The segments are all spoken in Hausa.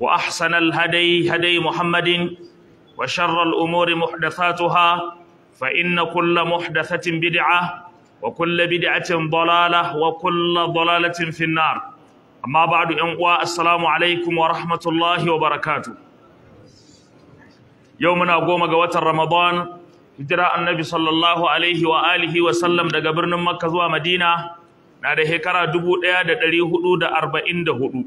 وأحسن الهدي هدي محمد وشر الأمور محدثاتها فإن كل محدثة بدعة وكل بدعة ضلالة وكل ضلالة في النار أما بعد أنقوى السلام عليكم ورحمة الله وبركاته يومنا قوم قوات رمضان هجراء النبي صلى الله عليه وآله وسلم دقبرنا مكة ومدينة na da shekara dubu ɗaya da ɗari hudu da arba'in da hudu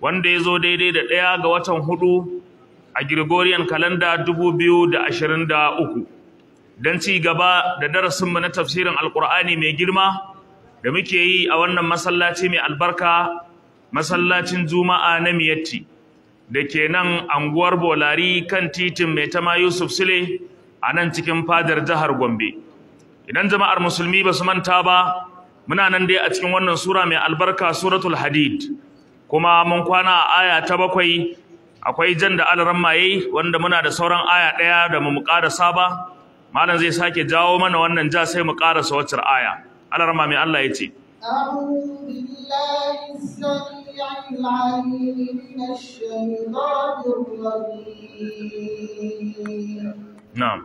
wanda ya zo daidai da ɗaya ga watan hudu a Gregorian kalanda dubu biyu da ashirin da uku don ci gaba da darasinmu na tafsirin Alƙur'ani mai girma da muke yi a wannan masallaci mai albarka masallacin juma'a na miyatti da ke nan anguwar bolari kan titin mai tama yusuf sule a nan cikin fadar jihar gombe idan jama'ar musulmi ba su manta ba muna nan dai a cikin wannan sura mai albarka suratul hadid kuma mun kwana a aya ta bakwai akwai jan da alaramma yayi wanda muna da sauran aya ɗaya da mu muƙara saba, malam zai sake jawo mana wannan ja sai mu ƙara sa waccar aya alaramma mai Allah ya ce Na'am.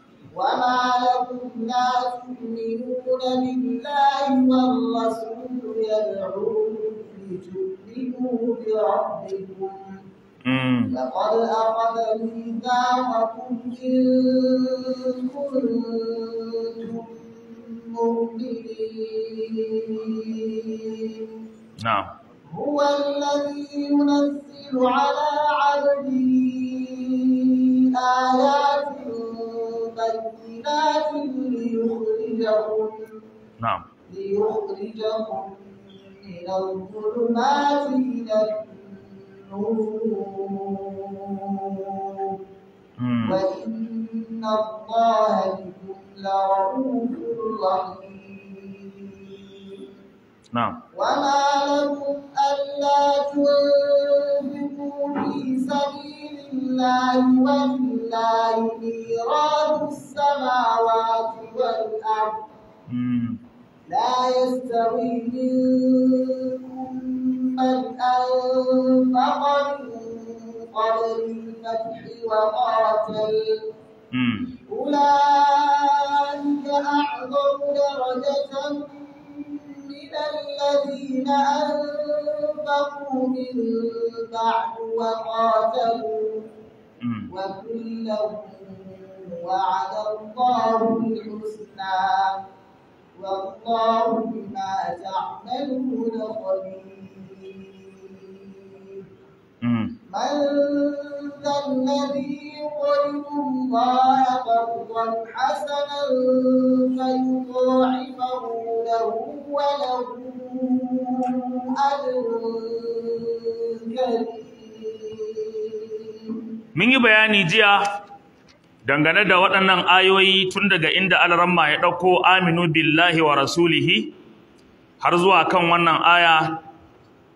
وما لكم لا تؤمنون بالله والرسول يدعوكم لتؤمنوا بربكم لقد أخذ ميثاقكم إن كنتم مؤمنين نعم هو الذي ينزل على عبده آيات بينات ليخرجهم نعم ليخرجهم من الظلمات إلى النور وإن الله بكم لرؤوف رحيم نعم وما لكم ألا تنفقوا في سبيل لله ولله ميراث السماوات والأرض لا يستوي منكم من أنفق من قبل الفتح وقاتل أولئك أعظم درجة إلا الذين أنفقوا من بعد وقاتلوا وكلا وعد الله الحسنى والله بما تعملون خبير من ذا الذي يقرضوا الله قرضا حسنا فيضاعفه له وله أجر Mun yi bayani jiya dangane da waɗannan ayoyi tun daga inda Alaramma ya ɗauko aminu billahi wa rasulihi har zuwa kan wannan aya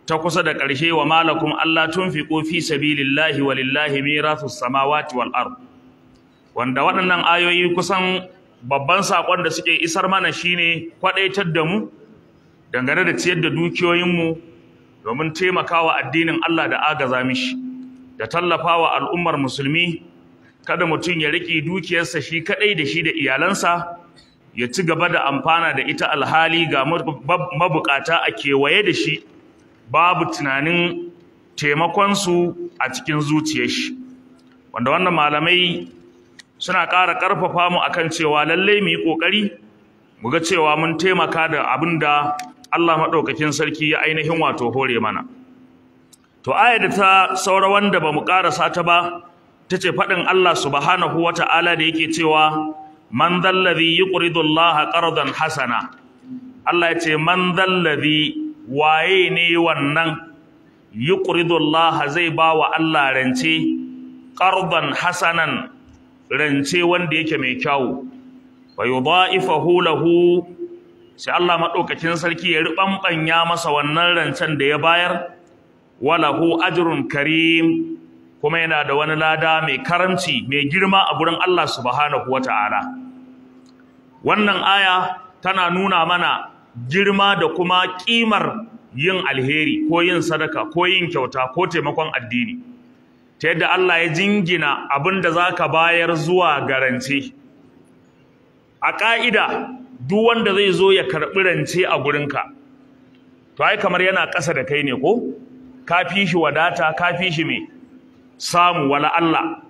ta kusa da ƙarshe wa malakun Allah tun fi ƙofi Lillahi wa walillahi mirathus samawati wal ard wanda waɗannan ayoyi kusan babban saƙon da suke isar mana shine kwaɗaitar da mu dangane da ciyar da dukiyoyinmu domin domin taimakawa addinin Allah da agaza mishi da tallafa wa al'ummar musulmi kada mutum ya riƙe dukiyarsa shi kaɗai da shi da iyalansa ya ci gaba da amfana da ita alhali ga mabukata a kewaye da shi babu tunanin taimakonsu a cikin zuciyar shi wanda wannan malamai suna ƙara ƙarfafa mu akan cewa lallai mu yi ƙoƙari mu ga cewa mun taimaka da abin da Allah maɗaukakin sarki ya ainihin wato hore mana to aya da ta saura wanda ba mu ƙarasa ta ba ta ce faɗin Allah subhanahu wa ta'ala da yake cewa man zalladhi yuqridu Allah qardan hasana Allah ya ce man waye ne wannan yuqridullaha zai bawa Allah rance qardan hasanan rance wanda yake mai kyau wa yudha'ifahu lahu sai Allah madaukakin sarki ya rubanbanya masa wannan rancen da ya bayar walahu ajrun karim kuma yana da wani lada mai karamci mai girma a gurin Allah subhanahu wata'ala wannan aya tana nuna mana girma da kuma ƙimar yin alheri ko yin sadaka ko yin kyauta ko taimakon addini ta yadda Allah ya jingina abin da za ka bayar zuwa ga a ƙa'ida duk wanda zai zo ya karɓi rance a gurinka to ai kamar yana ƙasa da kai ne ko ka fi shi wadata ka fi shi me samu wala Allah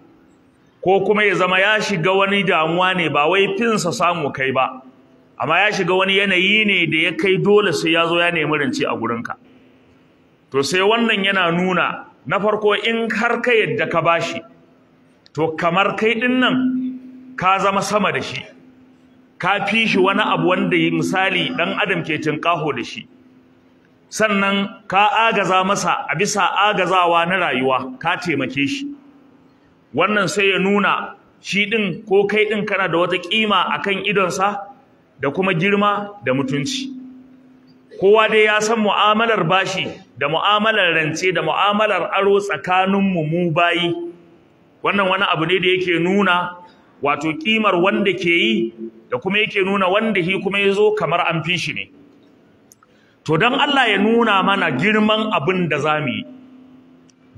ko kuma ya zama ya shiga wani damuwa ne ba wai finsa samu kai ba amma ya shiga wani yanayi ne da ya kai dole sai ya zo ya nemi rance a gurinka to sai wannan yana nuna na farko in har ka yadda ka bashi to kamar kai din nan ka zama sama da shi ka fi shi wani abu wanda misali dan adam ke tinkaho da shi sannan ka agaza masa a bisa agazawa na rayuwa ka taimake shi wannan sai ya nuna shi din ko kai din kana da wata kima akan idonsa da kuma girma da mutunci kowa dai ya san mu'amalar bashi da mu'amalar rance da mu'amalar aro tsakanin mu bayi wannan wani abu ne da yake nuna wato kimar wanda ke yi da kuma yake nuna wanda shi kuma ya zo kamar an fi shi ne to don Allah ya nuna mana girman abin da za mu yi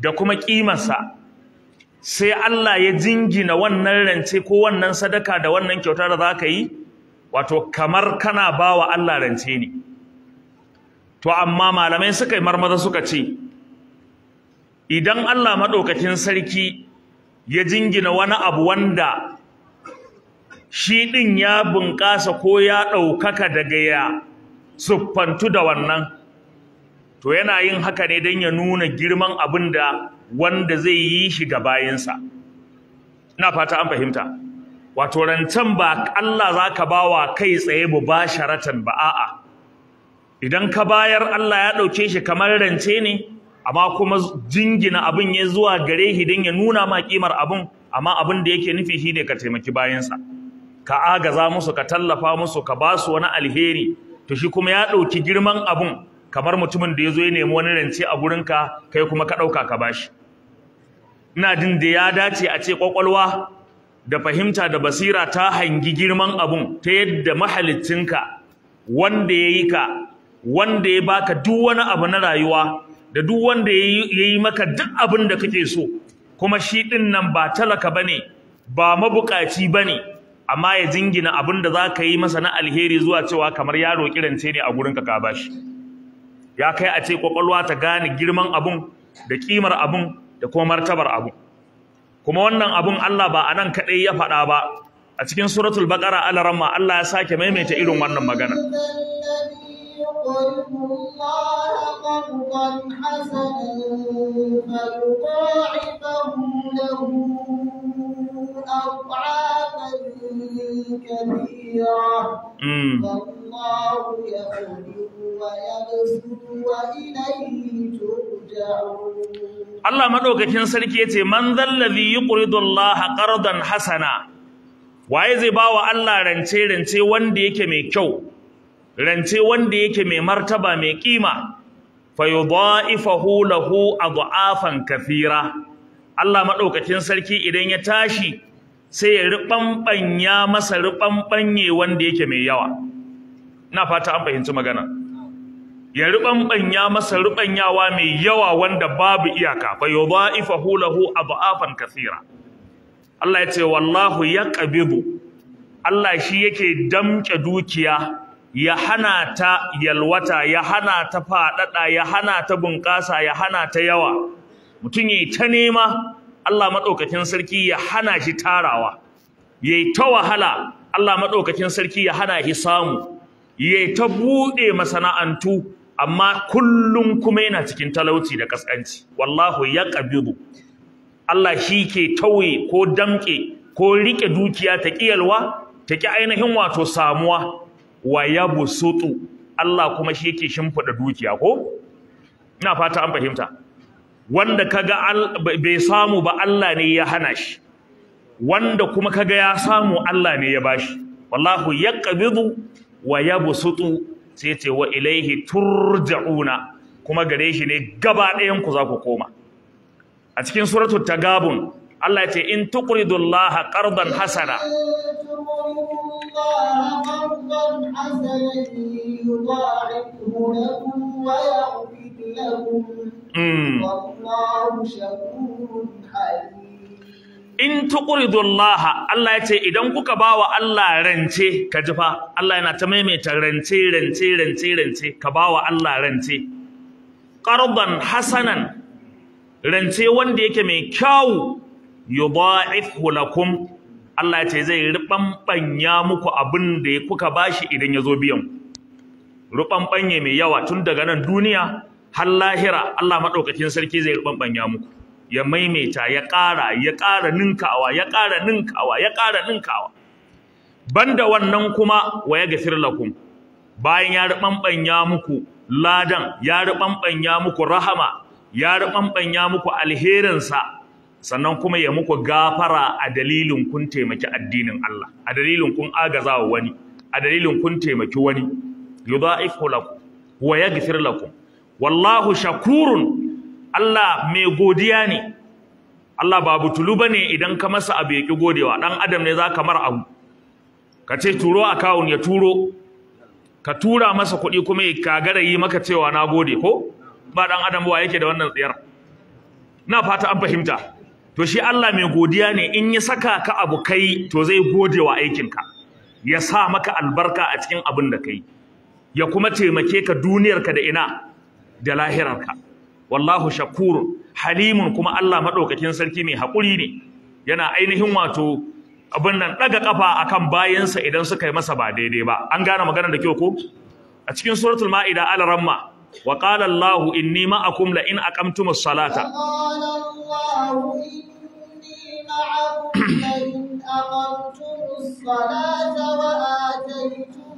da kuma kimarsa sai Allah ya jingina wannan rance ko wannan sadaka da wannan kyauta da za ka yi wato kamar kana bawa Allah rance ne to amma malamai suka yi marmaza suka ce idan Allah madaukakin sarki ya jingina wani abu wanda shi ɗin ya bunƙasa ko ya ɗaukaka daga ya siffantu da wannan to yana yin haka ne don ya nuna girman abin da wanda zai yi shi ga bayansa ina fata an fahimta wato rancen ba Allah za ka ba wa kai tsaye bu ba ba a'a idan ka bayar Allah ya ɗauke shi kamar rance ne amma kuma jingina abin ya zuwa gare shi don ya nuna ma kimar abin amma abin da yake nufi ne ka taimaki bayansa ka agaza musu ka tallafa musu ka ba su wani alheri to shi kuma ya ɗauki girman abin kamar mutumin da ya zo ya nemi wani rance a gurinka kai kuma ka ɗauka ka bashi ina jin da ya dace a ce ƙwaƙwalwa da fahimta da basira ta hangi girman abun ta yadda mahalicinka wanda ya yi ka wanda ya baka duk wani abu na rayuwa da duk wanda ya yi maka duk abin da kake so kuma shi ɗin nan ba talaka ba ne ba mabukaci ba ne amma ya jingina abin da za ka yi masa na alheri zuwa cewa kamar yaro kirance ne a gurin ka bashi ya kai a ce kwakwalwa ta gane girman abun da kimar abun da kuma martabar abun kuma wannan abun Allah ba a nan kaɗai ya faɗa ba a cikin suratul baqara al Allah ya sake maimaita irin wannan magana Mm. الله ويبسط وإليه ترجعون Allah maɗaukakin sarki ya ce, Man zallazi yi ƙuridullaha ƙardan hasana, waye zai ba wa Allah rance-rance wanda yake mai kyau, rance wanda yake mai martaba mai ƙima, fayudha'ifahu lahu adha'afan kathira. Allah maɗaukakin sarki idan ya tashi sai ya riɓanɓanya masa riɓanɓanye wanda yake mai yawa. ina fata an fahimci magana ya ruɓanɓanya masa ruɓanyawa mai yawa wanda babu iyaka fa hulahu lahu adha'afan kasira Allah ya ce wallahu ya ƙabibu. Allah shi yake damƙe dukiya ya hana ta yalwata ya hana ta faɗaɗa ya hana ta bunƙasa ya hana ta yawa mutum yi ta nema Allah maɗaukakin sarki ya hana shi tarawa yayi ta wahala Allah maɗaukakin sarki ya hana shi samu ya ta buɗe masana'antu amma kullum kuma yana cikin talauci da ƙasƙanci. wallahu yaqbidu Allah shi ke tauye ko damƙe ko riƙe dukiya ta ƙiyalwa ta ƙi ainihin wato samuwa wa ya busutu Allah kuma shi yake shimfida dukiya ko ina fata an fahimta wanda kaga bai samu ba Allah ne ya hana shi wanda kuma kaga ya samu Allah ne ya bashi wallahu ya yaqbidu wa busutu sai ce wa ilaihi turja'una kuma gare shi ne gaba ɗayan ku za ku koma a cikin suratul tagabun Allah ya ce in tuqridullaha qardan hasana Mm. in tuqridullaha Allah ya ce idan kuka bawa Allah rance ka jifa, Allah yana ta maimaita rance rance rance rance ka bawa Allah rance qardan Hassanan rance wanda yake mai kyau yudha'ifhu lakum Allah ya ce zai ɓanya muku abin da kuka shi idan ya zo biyan rubanbanye mai yawa tun daga nan duniya har lahira Allah madaukakin sarki zai rubanbanya muku ya maimaita ya ƙara ya ƙara ninkawa ya ƙara ninkawa ya ƙara ninkawa banda wannan kuma wa ya gafir lakum bayan ya rubanbanya muku ladan ya rubanbanya muku rahama ya rubanbanya muku alherinsa sannan kuma ya muku gafara a dalilin kun taimaki addinin Allah a dalilin kun agazawa wani a dalilin kun taimaki wani yudha'ifu lakum wa yaghfir lakum wallahu shakurun Allah mai godiya ne Allah ba butulu bane idan ka masa abu ya ki godewa dan adam ne za zaka mar abu ka ce turo a kawun ya turo ka tura masa kuɗi kuma ya kagara yi maka cewa na gode ko ba dan adam ba yake da wannan tsiyar na fata an fahimta to shi Allah mai godiya ne in ya saka ka abu kai to zai godewa aikinka ya sa maka albarka a cikin abin da kai ya kuma taimake ka duniyarka da ina da lahirarka wallahu shakurun halimun kuma Allah madaukakin sarki mai hakuri ne yana ainihin wato abin nan daga kafa akan bayansa idan suka yi masa ba daidai ba an gane maganar da kyau ko a cikin suratul ma'ida ala ramma wa qala Allah inni ma'akum la in aqamtumus salata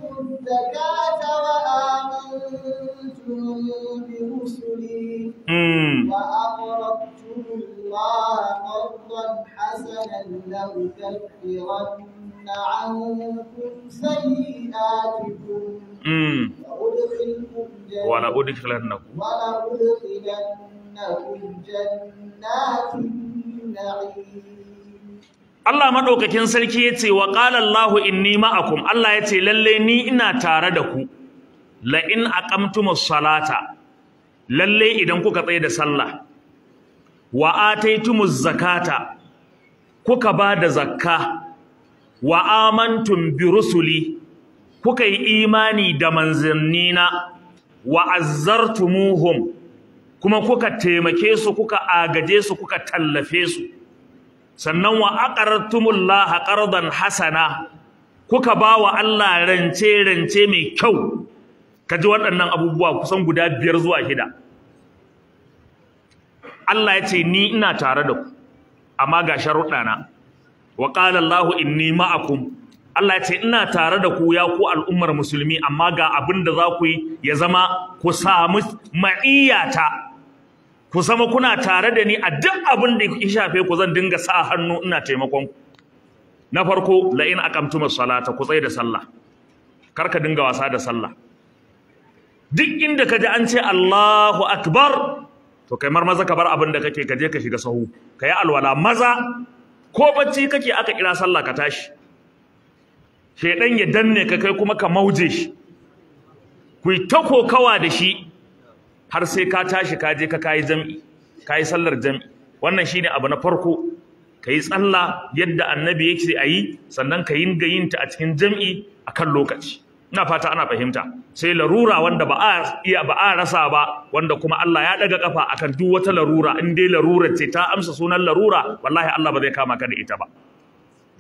الزكاة وآمنتم برسلي وأقرضتم الله قرضا حسنا لأكفرن عنكم سيئاتكم وأدخلكم جنة جنات النعيم Allah madaukakin sarki ya ce wa qala Allahu inni ma'akum Allah ya ce lalle ni ina tare da ku la in aqamtumus salata lalle idan kuka tsaye da sallah wa ataitumuz zakata kuka ba da zakka wa amantum bi rusuli kuka yi imani da manzannina wa azzartumuhum kuma kuka taimake su kuka agaje su kuka tallafe su sannan wa aqartumullaha qardan hasana kuka ba wa Allah rance rance mai kyau kaji waɗannan abubuwa kusan guda biyar zuwa shida Allah ya ce ni ina tare da ku amma ga sharuɗana wa qala Allah inni ma'akum Allah ya ce ina tare da ku ya ku al'ummar musulmi amma ga abin da za ku yi ya zama ku samu ma'iyata ku zama kuna tare da ni a duk abin da ya shafe ku zan dinga sa hannu ina taimakon ku na farko la in aqamtu salata ku tsaya da sallah kar ka dinga wasa da sallah duk inda ka ji an ce Allahu akbar to kai mar maza ka bar abin da kake kaje ka shiga sahu ka alwala maza ko bacci kake aka kira sallah ka tashi shedan ya danne ka kai kuma ka mauje shi ku ta kokawa da shi har sai ka tashi ka je ka kayi jam'i kayi sallar jam'i wannan shine abu na farko kayi tsalla yadda annabi yake ayi sannan ka yin gayinta a cikin jam'i akan lokaci ina fata ana fahimta sai larura wanda ba a iya ba rasa ba wanda kuma Allah ya daga kafa akan duk wata larura in dai larura ce ta amsa sunan larura wallahi Allah ba zai kama ka da ita ba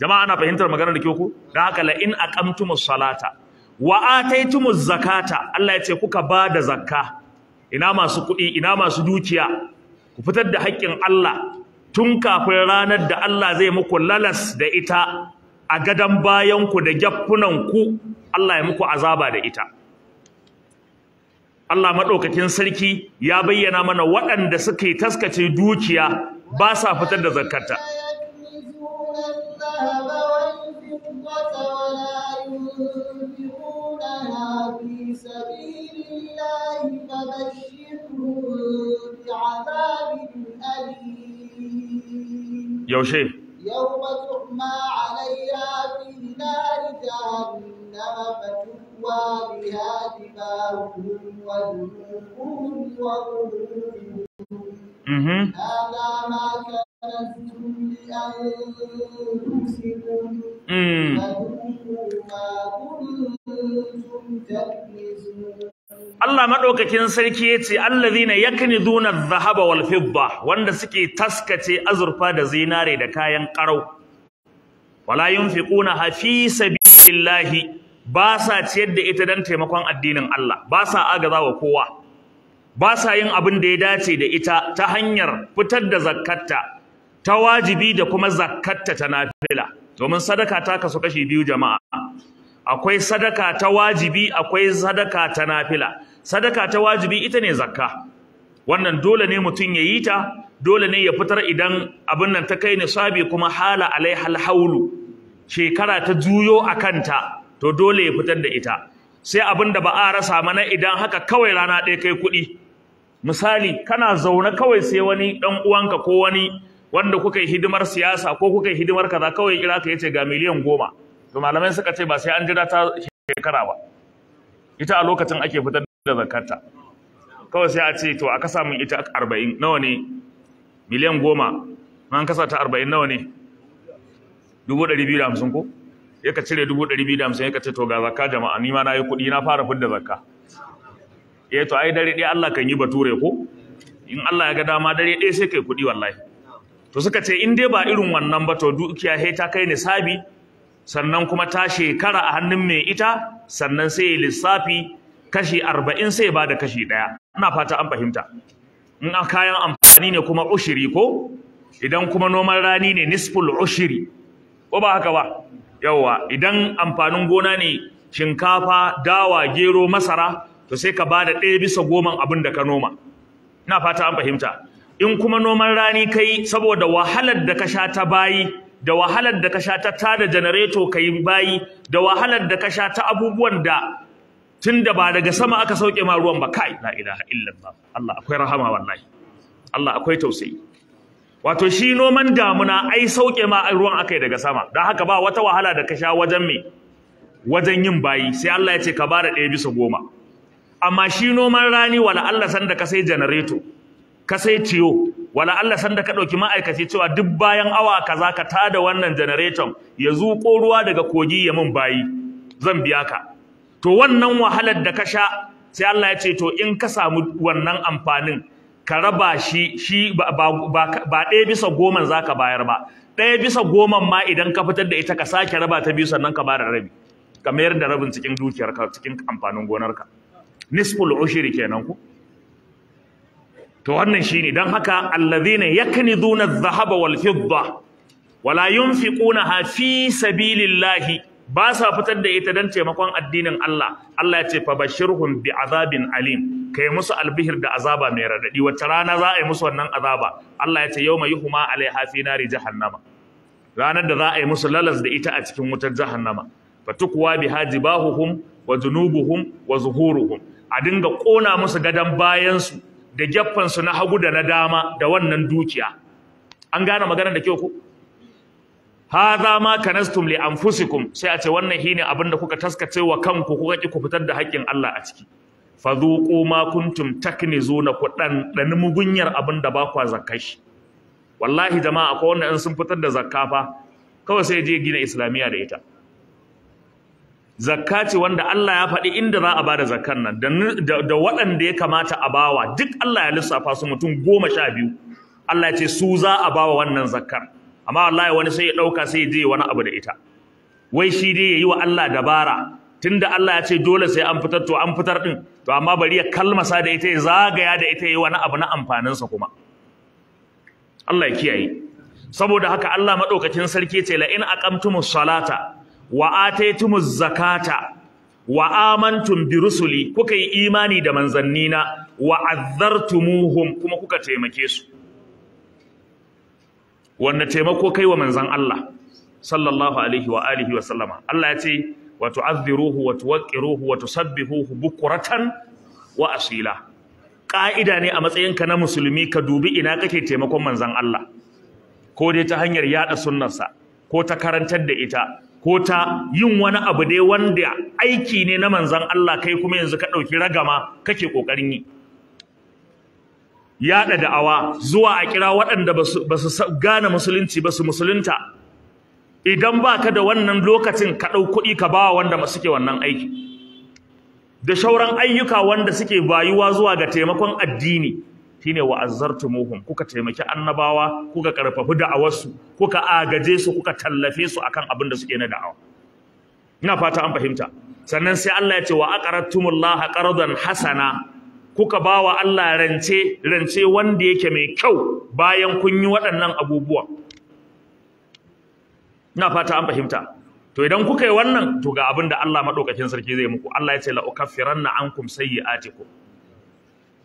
jama'a ana fahimtar magana da ke ku dan haka la in aqamtumus salata wa ataitumuz zakata Allah ya ce kuka ba da zakka ina masu kuɗi ina masu dukiya ku fitar da haƙƙin Allah tun kafin ranar da Allah zai muku lalas da ita a gadon ku da ku, Allah ya muku azaba da ita Allah maɗaukakin sarki ya bayyana mana waɗanda suke taskace dukiya ba sa fitar da zakarta Thank you. فبشرهم بعذاب أليم يوشي يوم تحمى عليها في نار جهنم فتكوى بها جباههم وجنوبهم وظهورهم هذا ما كنتم لأنفسكم فذوقوا ما كنتم تكنزون Allah madaukakin sarki yace allazina yaknizuna adh-dhahaba wal fidda wanda suke taskace azurfa da zinare da kayan qarau wala yunfiquna fi sabilillahi ba sa ciyar da ita don taimakon addinin Allah ba sa agazawa kowa ba sa yin abin da ya dace da ita ta hanyar fitar da zakkarta ta wajibi da kuma zakkarta ta nafila domin sadaka ta kasu kashi biyu jama'a akwai sadaka ta wajibi akwai sadaka ta nafila sadaka ta wajibi ita ne zakka wannan dole ne mutum ya yi ta dole ne ya fitar idan abin nan ta kai nisabi kuma hala hal haulu shekara ta juyo a kanta to dole ya fitar da ita sai abin da ba a rasa mana idan haka kawai rana ɗaya kai kuɗi misali kana zaune kawai sai wani ɗan uwanka ko wani wanda kuka yi hidimar siyasa ko kuka yi hidimar kaza kawai kira ka yace ga miliyan goma to malamai suka ce ba sai an jira ta shekara ba ita a lokacin ake fitar da zakarta kawai sai a ce to a kasa min ita arba'in nawa ne miliyan goma an kasa ta arba'in nawa ne dubu ɗari biyu da hamsin ko ya ka cire dubu ɗari biyu da hamsin ya ka ce to ga zakka jama'a ni ma na yi kuɗi na fara fidda zakka eh to ai dare ɗaya Allah kan yi bature ko in Allah ya ga dama dare ɗaya sai kai kuɗi wallahi to suka ce in dai ba irin wannan ba to dukiya he ta kai nisabi sabi sannan kuma ta shekara a hannun mai ita sannan sai lissafi kashi arba'in sai ba da kashi ɗaya ina fata an fahimta in a kayan amfani ne kuma ushiri ko idan kuma noman rani ne nisful ushiri ko ba haka ba yawwa idan amfanin gona ne shinkafa dawa gero masara to sai ka bada ɗaya bisa goman abin da ka noma ina fata an fahimta in kuma noman rani kai saboda wahalar da ka sha ta bayi da wahalar da ka sha ta tada janareto ka yi bayi da wahalar da ka sha ta abubuwan da tunda ba daga sama aka sauke ma ruwan ba kai la ilaha illallah Allah akwai rahama wallahi Allah akwai tausayi wato shi noman damuna ai sauke ma ruwan akai daga sama dan haka ba wata wahala da ka sha wajen me wajen yin bayi sai Allah ya ce ka bada ɗaya bisa goma amma shi noman rani wala Allah sanda ka sai janareto ka sai ciyo. wala Allah sanda ka ɗauki ma'aikaci cewa duk bayan awa kaza ka tada wannan generator ya zuko ruwa daga kogi ya mun bayi zan biya ka to wannan wahalar da ka sha sai Allah ya ce to in ka samu wannan amfanin ka raba shi shi ba ɗaya bisa goman za ka bayar ba ɗaya bisa goman ma idan ka fitar da ita ka sake raba ta biyu sannan ka bada rabi ka mayar da rabin cikin dukiyarka cikin amfanin gonarka nisful ushiri kenan ku to wannan shi ne, don haka alladhina ya kani dhahaba wal fidda wala yunfiqunaha fi sabilillahi ba sa fitar da ita don taimakon addinin Allah Allah ya ce fa hun bi azabin alim Ka yi musu albihir da azaba mai raɗaɗi. wata rana za a yi musu wannan azaba Allah ya ce yau yawma yuhma alaiha hafi nari jahannama ranar da za a yi musu lalas da ita a cikin wutar jahannama fatukwa biha jibahuhum wa junubuhum wa zuhuruhum a dinga ƙona musu gadon bayansu da su na hagu da na dama da wannan dukiya an gane maganar da kyau ku hadha ma kanastum li anfusikum sai a ce wannan shine abin da kuka taskace wa kanku kuka ki ku fitar da haƙƙin Allah a ciki fadhuqu ma kuntum taknizuna ku dan dan mugunyar abin da ba ku zakkashi wallahi jama'a akwai wanda in sun fitar da zakka fa kawai sai je gina islamiya da ita zakka ce wanda Allah ya faɗi inda za a bada zakkan nan da waɗanda ya kamata a bawa duk Allah ya lissafa su mutum goma sha biyu Allah ya ce su za a bawa wannan zakkar amma wallahi wani sai ya ɗauka sai ya je wani abu da ita wai shi dai ya yi wa Allah dabara tunda Allah ya ce dole sai an fitar to an fitar ɗin, to amma bari ya kalmasa da ita ya zagaya da ita ya yi wani abu na amfaninsa kuma Allah ya kiyaye saboda haka Allah madaukakin sarki ce la in aqamtumus salata wa zakata wa amantum bi rusuli kuka yi imani da manzannina wa kuma kuka taimake su wanda taimako kai wa manzan Allah sallallahu alaihi wa alihi wa sallama Allah ya ce wa tu'azziruhu wa tuwaqqiruhu wa tusabbihuhu bukuratan wa asila ka'ida ne a matsayinka na musulmi ka dubi ina kake taimakon manzan Allah ko dai ta hanyar yada sunnarsa ko ta karantar da ita ko ta yin wani abu dai wanda aiki ne na manzan Allah kai kuma yanzu ka ɗauki ragama kake ƙoƙarin yi yaɗa da'awa zuwa a kira waɗanda ba su gane musulunci ba su musulunta idan ba ka da wannan lokacin ka ɗau kuɗi ka ba wanda suke wannan aiki da shauran ayyuka wanda suke bayuwa zuwa ga taimakon addini shine wa azzartumuhum kuka taimaki annabawa kuka karfafi da'awarsu kuka agaje su kuka tallafe su akan abin da suke na da'awa ina fata an fahimta sannan sai Allah ya ce wa aqradtumullaha qardan hasana kuka bawa Allah rance rance wanda yake mai kyau bayan kun yi waɗannan abubuwa ina fata an fahimta to idan kuka yi wannan to ga abin da Allah madaukakin sarki zai muku Allah ya ce la ukaffiranna ankum sayyi'atikum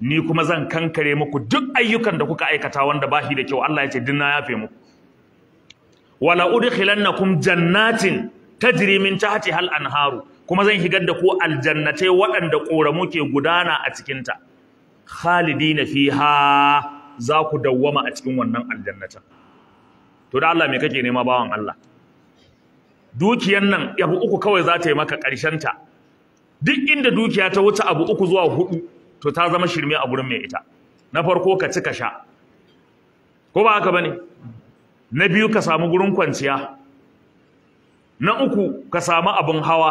ni kuma zan kankare muku duk ayyukan da kuka aikata wanda ba shi da kyau Allah ya ce din na yafe muku wala udkhilannakum jannatin tajri min tahtiha al-anharu kuma zan higar da ku aljannatai waɗanda ƙoramu ke gudana a cikinta khalidin fiha za ku dawwama a cikin wannan aljannatan to da Allah me kake nema bawan Allah dukiyan nan abu uku kawai za ta yi maka ƙarshen ta duk inda dukiya ta wuce abu uku zuwa hudu to ta zama shirme a gurin mai ita na farko ka ci ka sha ko ba haka bane na biyu ka samu gurin kwanciya na uku ka samu abin hawa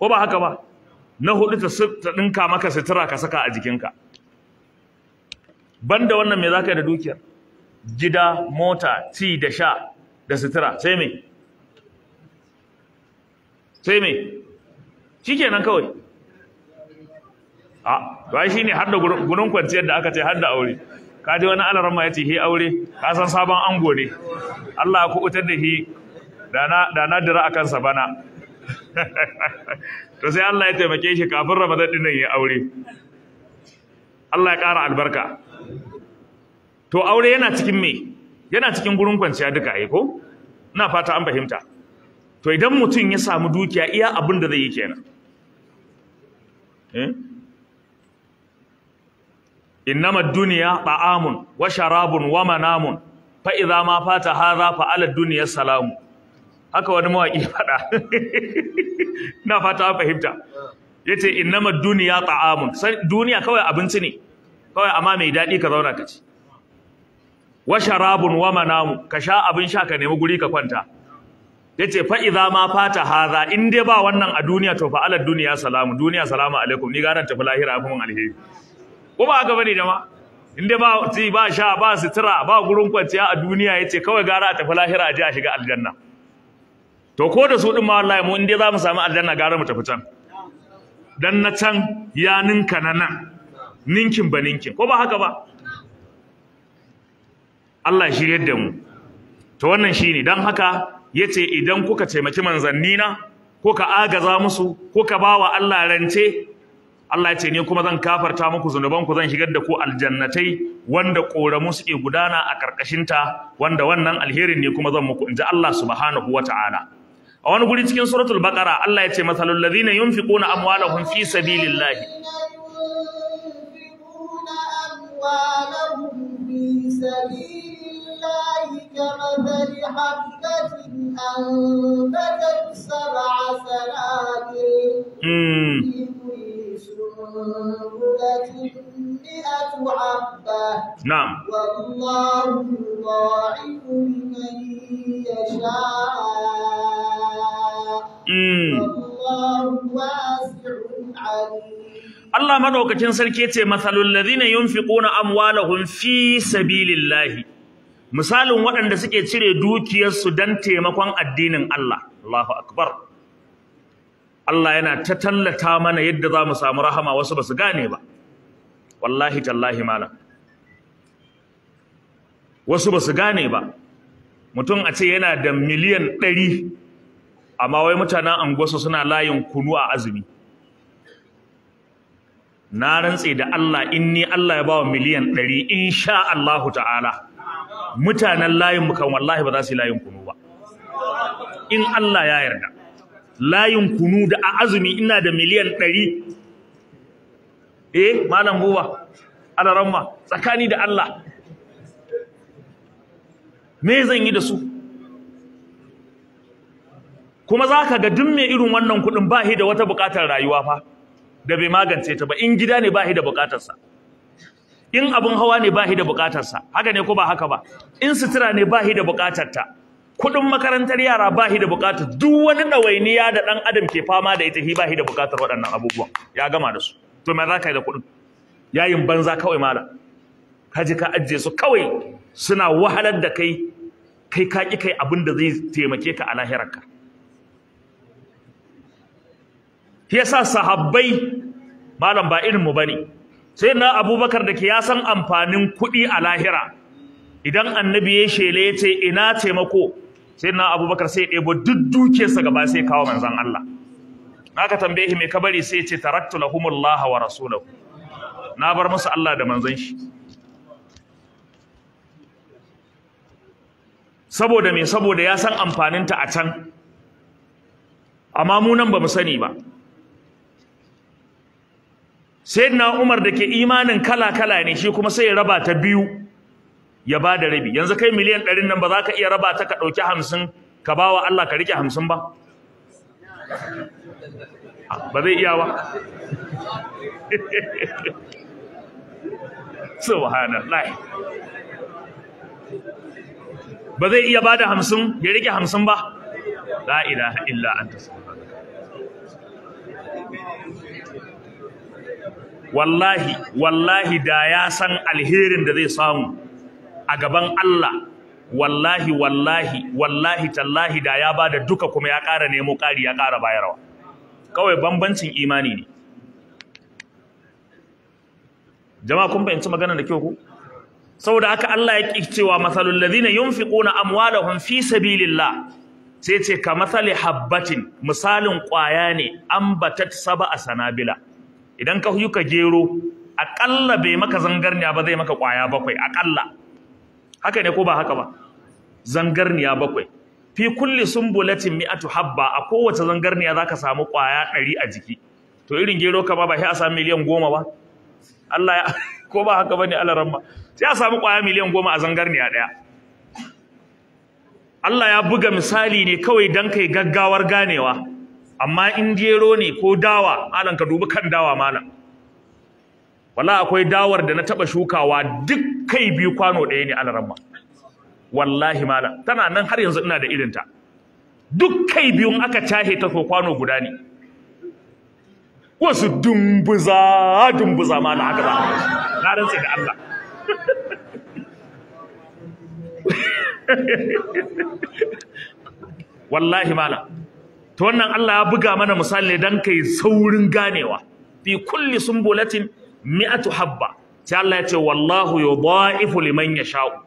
ko ba haka ba na hudu ta dinka maka sutura ka saka a jikinka banda wannan me zaka yi da dukiyar gida mota ci da sha da sutura sai me sai me shikenan kawai a to ai shine har da gunun kwanciyar da aka ce har da aure ka ji wani alarma ya ce he aure ka san sabon ango ne Allah ya kubutar da hi, da na dira a kansa bana to sai Allah ya taimake shi kafin Ramadan din nan ya aure Allah ya ƙara albarka to aure yana cikin me yana cikin gurin kwanciya duka ai ko ina fata an fahimta to idan mutum ya samu dukiya iya abin da zai yi kenan eh innama duniya ta'amun wa sharabun wa manamun fa idza ma fata hadha fa ala dunya haka wani mawaki fada Ina fata fahimta yace innama duniya ta'amun duniya kawai abinci ne kawai amma mai dadi ka zauna ka ci wa sharabun wa manamu ka sha abin sha ka nemi guri ka kwanta yace fa idza ma fata hadha in dai ba wannan a duniya to fa ala dunya salamu duniya salamu alaikum ni garan fi lahira abin alheri ko ba haka bane jama'a inda ba ci ba sha ba sitira, ba gurin kwanciya a duniya yace kawai gara a tafi lahira a a shiga aljanna to ko da su din ma wallahi mu inda za mu samu aljanna gara mu tafi can dan na can ya ninka na nan ninkin ba ninkin ko ba haka ba Allah shi da mu to wannan shine dan haka yace idan kuka taimaki manzannina ko ka agaza musu ko ka bawa Allah rance Allah ya ce ni kuma zan kafarta muku zunubanku zan shigar da ku aljannatai wanda koramu suke gudana a karkashinta wanda wannan alherin ne kuma zan muku inji Allah subhanahu wataala a wani guri cikin suratul baqara Allah ya ce masalul ladina yunfiquna amwalahum fi sabilillahi كمثل أنبتت سبع سنابل سنبلة مئة حبة نعم والله يضاعف لمن يشاء والله واسع عليم Allah madaukakin sarki ce masalul ladina yunfiquna amwalahum fi sabilillahi misalin waɗanda suke cire dukiyarsu don taimakon addinin Allah Allahu akbar Allah yana ta tallata mana yadda za mu samu rahama wasu ba su gane ba wallahi tallahi malam wasu ba su gane ba mutum a ce yana da miliyan ɗari amma wai mutanen anguwarsa suna layin kunu a azumi na rantse da Allah in ni Allah ya bawa miliyan ɗari insha Allahu ta'ala mutanen layin kan wallahi ba za su yi layin kunu ba in Allah ya yarda layin kunu da azumi ina da miliyan ɗari eh malam buba alaramma tsakani da Allah me zan yi da su kuma zaka ga duk me irin wannan kuɗin ba da wata buƙatar rayuwa fa da bai magance ta ba in gida ne ba da buƙatarsa in abun hawa ne ba da buƙatarsa haka ne ko ba haka ba in sutura ne ba da ta kudin makarantar yara ba shi da bukatar duk wani ɗawainiya da ɗan adam ke fama da ita shi ba shi da bukatar waɗannan abubuwan ya gama da su to me za ka yi da kuɗin yayin banza kawai mala ka ji ka ajiye su kawai suna wahalar da kai kai ka ƙi kai abin da zai taimake ka a lahirarka ka. yasa sahabbai malam ba irin mu bane sai na abubakar da ke ya san amfanin kuɗi a lahira idan annabi ya shele ya ce ina taimako sai na abubakar sai ɗebo duk dukiyarsa gaba sai kawo manzan Allah aka tambaye shi mai kabari sai ce taraktu laha wa rasulahu na bar musu Allah da manzan shi saboda mai saboda ya san amfaninta a can amma munan nan ba mu sani ba na Umar da ke imanin kala-kala ne shi kuma sai ya raba ta biyu ya ba da rabi yanzu kai miliyan ɗarin nan ba za ka iya raba ta ka ɗauki hamsin ka ba wa Allah ka riƙe hamsin ba ba zai iya ba subhanallah ba zai iya ba da hamsin ya riƙe hamsin ba la ilaha illa anta wallahi wallahi da ya san alherin da zai samu a gaban Allah wallahi wallahi wallahi tallahi da ya bada duka kuma ya ƙara nemo ƙari ya ƙara bayarwa kawai bambancin imani ne jama'a kun fahimci maganar da kyau ku saboda haka Allah ya ki cewa masalul ladina yunfiquna amwalahum fi sabilillah sai ce ka masali habbatin misalin kwaya ne ambatat sab'a sanabila idan ka huyuka gero aƙalla bai maka zangarniya ba zai maka kwaya bakwai akalla haka ne ko ba haka ba zangarniya bakwai fi kulli sumbulatin mi'atu habba a kowace zangarniya zaka samu kwaya ɗari a jiki to irin gero kama ba sai a samu miliyan goma ba Allah ya ko ba haka bane Allah ramma sai a samu kwaya miliyan goma a zangarniya ɗaya Allah ya buga misali ne kawai dan kai gaggawar ganewa amma in gero ne ko dawa malam ka dubi kan dawa malam wala akwai dawar da na taba shukawa duk kai biyu kwano ɗaya ne alaramma wallahi mala tana nan har yanzu ina da irinta duk kai biyun aka cahe ta kwano guda ne wasu dumbuza dumbuza mala haka za na rantsa da Allah wallahi mala to wannan Allah ya buga mana misali dan kai saurin ganewa fi kulli sumbulatin mi'atu habba sai Allah ya ce wallahu yudha'ifu liman yasha'u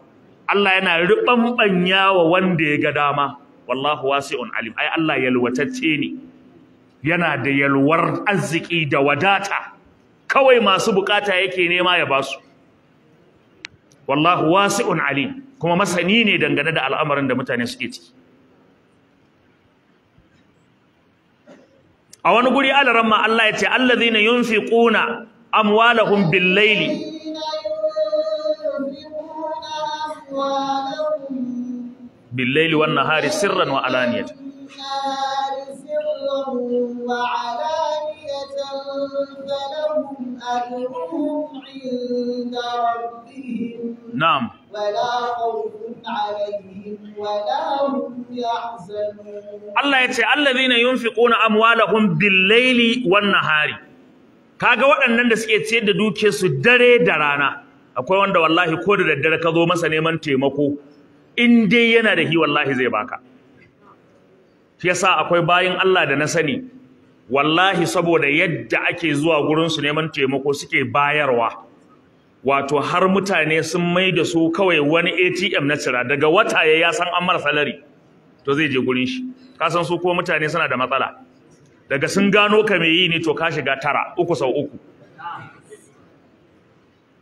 Allah yana ribanbanya wa wanda ya ga dama wallahu wasi'un alim ai Allah yalwatacce ne yana da yalwar arziki da wadata kawai masu bukata yake nema ya basu wallahu wasi'un alim kuma masani ne dangane da al'amarin da mutane suke ciki a wani guri alaran ma Allah ya ce allazina yunfiquna أموالهم بالليل بالليل والنهار سرا وعلانية نعم ولا خوف عليهم ولا هم يحزنون الله يتي الذين ينفقون اموالهم بالليل والنهار kaga waɗannan da suke ciyar da duke su dare da rana akwai wanda wallahi ko da daddare ka zo masa neman taimako in dai yana da hi wallahi zai baka shi yasa akwai bayin Allah da na sani wallahi saboda yadda ake zuwa gurin su neman taimako suke bayarwa wato har mutane sun mai da su kawai wani ATM na cira daga wata ya san an mara salari to zai je gurin shi kasan su ko mutane suna da matsala daga sun gano ka mai yi ne to ka shiga tara uku sau uku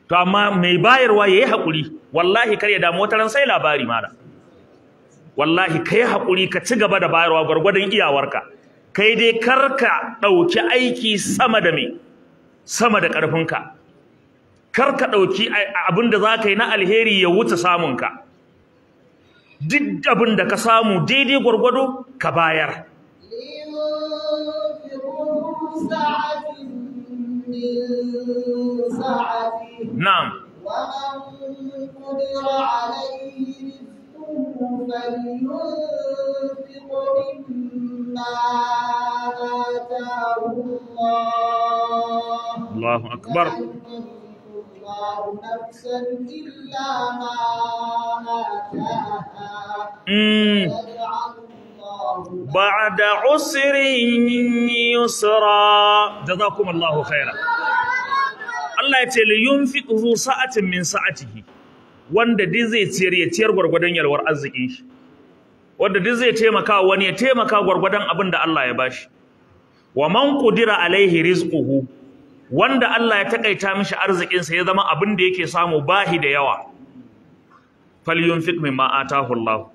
to amma mai bayarwa ya yi hakuri wallahi kar ya damu wata ran sai labari mana wallahi ka yi hakuri ka ci gaba da bayarwa gwargwadon iyawarka kai dai kar ka ɗauki aiki sama da mai, sama da ka karka ɗauki abin da zaka yi na alheri ya wuce samunka duk abin da ka samu daidai gwargwado ka bayar سعة من سعته نعم ومن قدر عليه رزقه فلينفق مما آتاه الله الله أكبر الله نفسا إلا ما آتاها بعد عسر يسرا جزاكم الله خيرا Allah ya ce li yunfiq sa'atin min wanda duk zai ciyar ya ciyar gwargwadon yalwar arzikin shi wanda duk zai taimaka wani ya taimaka gwargwadon abin da Allah ya bashi wa man qudira alaihi rizquhu wanda Allah ya takaita mishi arzikin sa ya zama abin da yake samu bahi da yawa falyunfiq mimma atahu Allah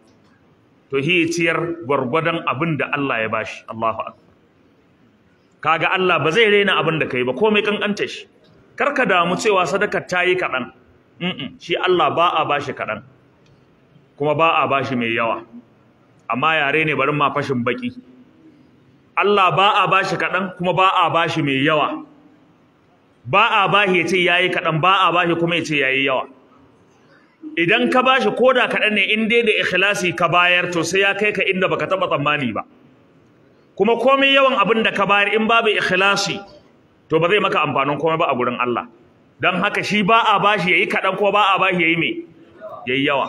to hi ciyar gwargwadon abin da Allah ya bashi Allahu akbar kaga Allah ba zai rena abin da kai ba komai kankanta shi karka damu cewa sadaka ta yi kaɗan shi Allah ba a bashi kaɗan kuma ba a bashi mai yawa amma yare ne barin ma fashin baki Allah ba a bashi kaɗan kuma ba a bashi mai yawa ba a bashi ya ce yayi kaɗan ba a bashi kuma ya ce yayi yawa idan ka ba bashi koda kaɗan ne in dai da ikhlasi ka bayar to sai ya kai ka inda baka taɓa tsammani ba kuma komai yawan abin da ka bayar in babu ikhlasi to ba zai maka amfanin komai ba a gurin Allah don haka shi ba a bashi yayi kaɗan ko ba a bashi yayi me yayi yawa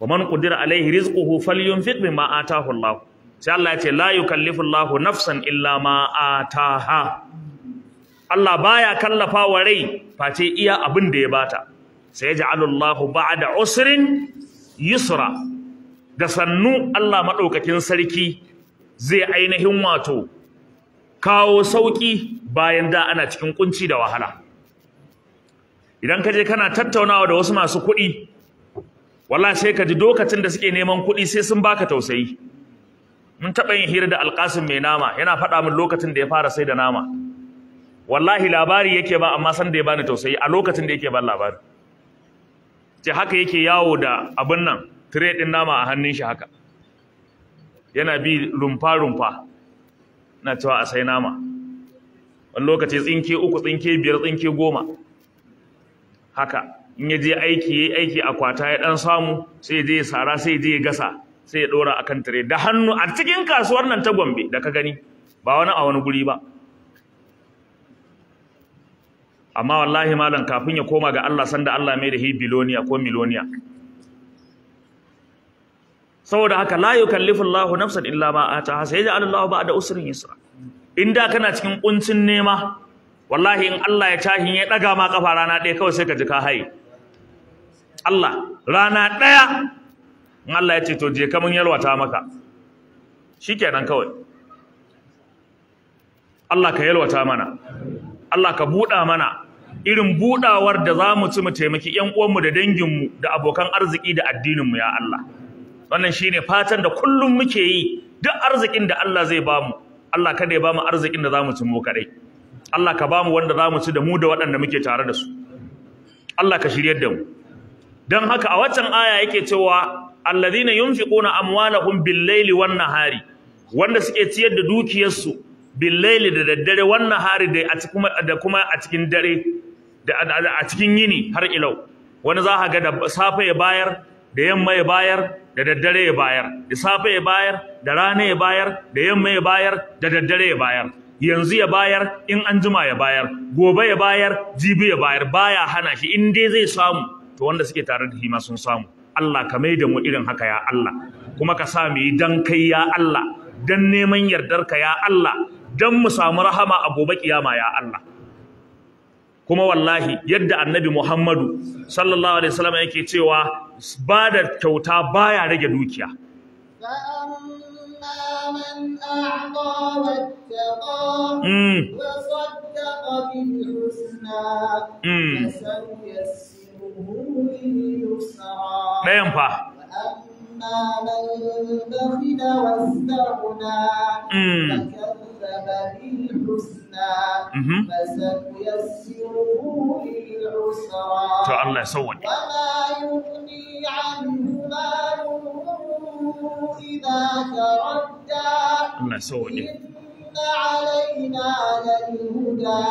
wa man qudira alaihi rizquhu falyunfiq bima ataahu Allah sai Allah ya ce la yukallifu nafsan illa ma ataha Allah baya kallafa wa rai face iya abin da ya bata ja'alullahu ba'da usrin yusra da sannu Allah madaukakin sarki zai ainihin wato kawo sauƙi bayan da ana cikin ƙunci da wahala idan ka je kana tattaunawa da wasu masu kuɗi wallahi sai ka ji lokacin da suke neman kuɗi sai sun baka tausayi mun taɓa yin hira da alƙasim mai nama yana faɗa min lokacin da ya fara sai da nama wallahi labari yake ba amma sanda da ya bani tausayi a lokacin da yake ban labari ce haka yake yawo da abin nan tire ɗin nama a hannun shi haka yana bi rumfa-rumfa na cewa a sai nama wani lokaci tsinke uku tsinke biyar tsinke goma haka in ya je aiki ya aiki a kwata ya ɗan samu sai je ya sara sai je ya gasa sai ya ɗora a kan tire da hannu a cikin kasuwar nan ta gombe da ka gani ba wani a wani guri ba amma wallahi malam kafin ya koma ga Allah sanda Allah mai da biloniya ko miloniya saboda haka la yukallifu Allahu nafsan illa ma ataha sayaj'al Allahu ba'da usrin yusra in da kana cikin kuncin nema wallahi in Allah ya tahin ya daga ma kafa rana ɗaya kawai sai ka ji ka haye Allah rana ɗaya in Allah ya ce to je ka mun yalwata maka shikenan kawai Allah ka yalwata mana Allah ka buɗa mana irin budawar da za mu ci mu taimaki ƴan mu da dangin mu da abokan arziki da addinin mu ya Allah wannan shine fatan da kullum muke yi duk arzikin da Allah zai ba mu, Allah kada ya ba mu arzikin da za mu ci mu kadai Allah ka ba mu wanda za mu ci da mu da waɗanda muke tare da su Allah ka shiryar da mu dan haka a waccan aya yake cewa alladhina yunfiquna amwalahum bil billaili wan hari, wanda suke ciyar da dukiyarsu billaili da daddare wannan hari da kuma a cikin dare da a cikin yini har ilau wani za ka ga da safe ya bayar da yamma ya bayar da daddare ya bayar da safe ya bayar da rana ya bayar da yamma ya bayar da daddare ya bayar yanzu ya bayar in an jima ya bayar gobe ya bayar jibi ya bayar baya hana shi in dai zai samu to wanda suke tare da hima sun samu Allah ka mai da mu irin haka ya Allah kuma ka sa mu yi dan kai ya Allah dan neman yardarka ya Allah don mu samu rahama a gobe kiyama ya Allah kuma wallahi yadda annabi Muhammadu sallallahu alaihi wasallam yake cewa ba da kyauta baya rage dukiya من أعطى واتقى وصدق بالحسنى فسنيسره لليسرى وأما من بخل واستغنى الجبل الحسنى فسنيسره للعسرى الله يسوي وما يغني عنه ماله إذا تردى الله يسوي إن علينا للهدى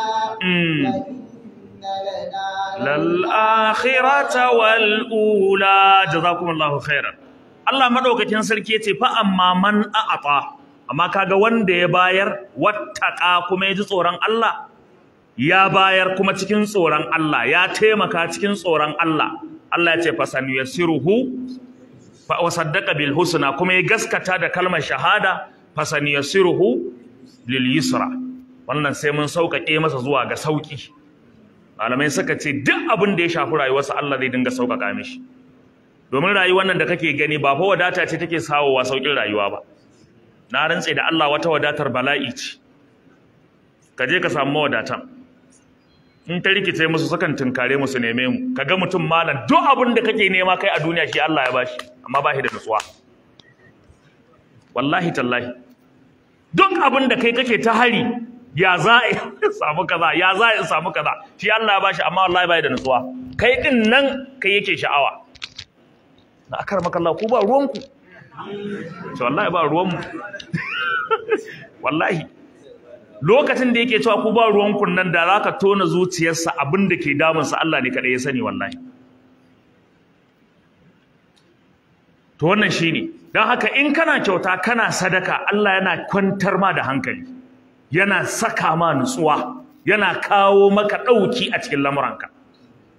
فإن للآخرة والأولى جزاكم الله خيرا Allah madaukakin sarki yace fa amma man a'ata amma kaga wanda ya bayar wattaqa kuma ya ji tsoron Allah ya bayar kuma cikin tsoron Allah ya taimaka cikin tsoron Allah Allah ya ce fasanu yasiruhu fa wasaddaqa bil husna kuma ya gaskata da kalmar shahada fasanu yasiruhu lil yusra wannan sai mun sauƙaƙe masa zuwa ga sauƙi malamai suka ce duk abin da ya shafi rayuwarsa Allah zai dinga sauƙaƙa mishi domin rayuwar nan da kake gani ba fa wadata ce take sawowa sauƙin rayuwa ba na rantse da Allah wata wadatar bala'i ce ka je ka samu mawadatan in ta rikice musu sukan tunkare mu su neme mu kaga mutum malam duk abin da kake nema kai a duniya shi Allah ya bashi amma bashi da nutsuwa wallahi tallahi duk abin da kai kake ta hari ya za in samu kaza ya za in samu kaza shi Allah ya bashi amma wallahi bai da nutsuwa kai din nan kai yake sha'awa na akar makalla ku ba ruwanku ce wallahi ba ruwanmu wallahi lokacin da yake cewa ku ba ruwan kunnan da za ka tona zuciyarsa abinda da ke damunsa Allah ne kada ya sani wallahi to wannan shi ne don haka in kana kyauta kana sadaka Allah yana kwantar ma da hankali yana saka ma nutsuwa yana kawo maka ɗauki a cikin lamuranka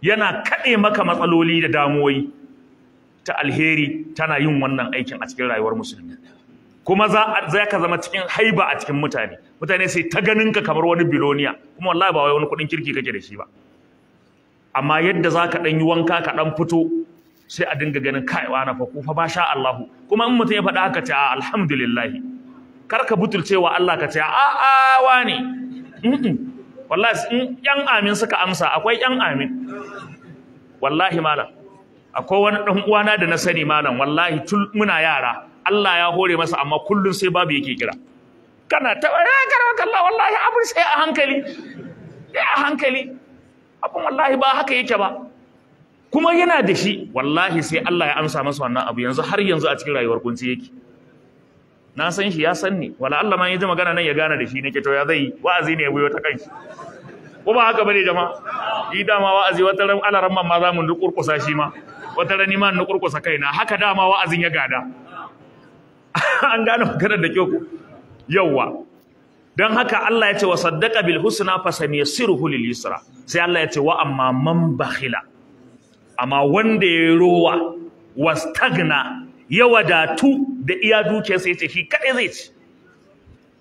yana kaɗe maka matsaloli da damuwoyi ta alheri tana yin wannan aikin a cikin rayuwar musulmi kuma za ka zama cikin haiba a cikin mutane mutane sai ta ganin ka kamar wani biloniya kuma wallahi ba wai wani kuɗin kirki kake da shi ba amma yadda za ka ɗan yi wanka ka ɗan fito sai a dinga ganin kai wani fa kufa ba sha Allahu kuma in mutum ya faɗa haka ce alhamdulillah kar ka butulcewa Allah ka ce a a wani wallahi in yan amin suka amsa akwai yan amin wallahi malam akwai wani ɗan uwana da na sani malam wallahi tun muna yara Allah ya hore masa amma kullun sai babu yake kira kana ta ya eh, karaka Allah wallahi abin sai a hankali sai a hankali Abin wallahi ba haka yake ba kuma yana da shi wallahi sai Allah ya amsa masa wannan abu yanzu har yanzu a cikin rayuwar kunci yake na san shi ya san ni wala Allah ma ya ji magana nan ya gane da shi nake to ya zai wa'azi ne ya buyo ta kanshi ko ba haka bane jama'a ni dama wa'azi wata ran alaran ma za mu dukurkusa shi ma wata rani ma na kurkusa kaina haka dama wa'azin ya gada an gane maganar da kyau yawwa don haka Allah ya ce wa saddaka bil husna fa samyasiruhu lil yusra sai Allah ya ce wa amma man bakhila amma wanda ya rowa wastagna ya wadatu da iya duke sai ce shi kadai zai ci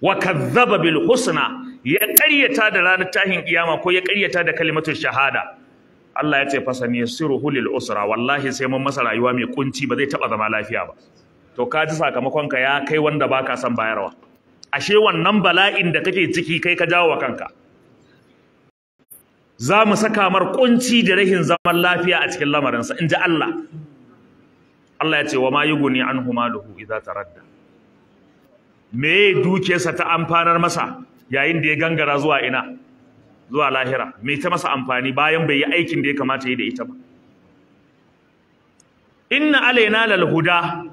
wa kazzaba bil husna ya ƙaryata da ranar tahin kiyama ko ya ƙaryata da kalimatul shahada Allah ya ce ne siruhu lil usra wallahi sai mun masa rayuwa mai kunci ba zai taba zama lafiya ba to ka ji sakamakon ka ya kai wanda baka son bayarwa ashe wannan bala'in da kake ciki kai ka jawo wa kanka za mu saka mar kunci da rahin zaman lafiya a cikin lamarinsa in ji Allah Allah ya ce wa ma yuguni anhu maluhu idza taradda me dukiyarsa ta amfanar masa yayin da ya gangara zuwa ina zuwa lahira mai ta masa amfani bayan bai yi aikin da ya kamata yi da ita ba inna alaina lal huda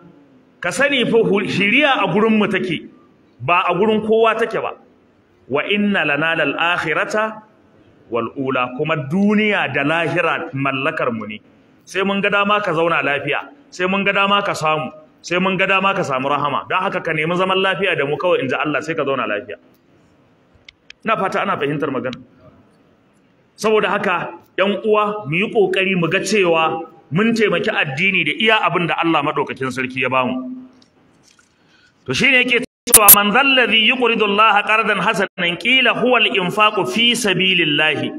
ka sani fa shiriya a gurin mu take ba a gurin kowa take ba wa inna lana lal akhirata wal ula kuma duniya da lahira mallakar mu ne sai mun ga dama ka zauna lafiya sai mun ga dama ka samu sai mun ga dama ka samu rahama don haka ka nemi zaman lafiya da mu kawai in ji Allah sai ka zauna lafiya ina fata ana fahimtar magana saboda haka yan uwa mu yi kokari mu ga cewa mun taimaki addini da iya abin da Allah madaukakin sarki ya bamu to shine yake cewa man zallazi yuqridu Allah qardan hasanan qila huwa al-infaqu fi sabilillahi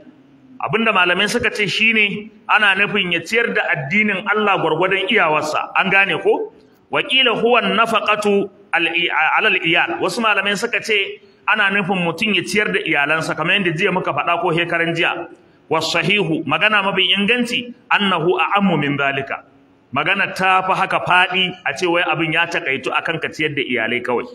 abinda malamai suka ce shine ana nufin ya ciyar da addinin Allah gwargwadon iyawarsa an gane ko wakila Huwan nafaqatu al iyal wasu malamai suka ce ana nufin mutum ya ciyar da iyalansa kamar yadda jiya muka faɗa ko hekaran jiya wasahihu magana mafi inganci annahu a'ammu min zalika magana ta fa haka faɗi a ce wai abin ya takaitu a ka ciyar da iyalai kawai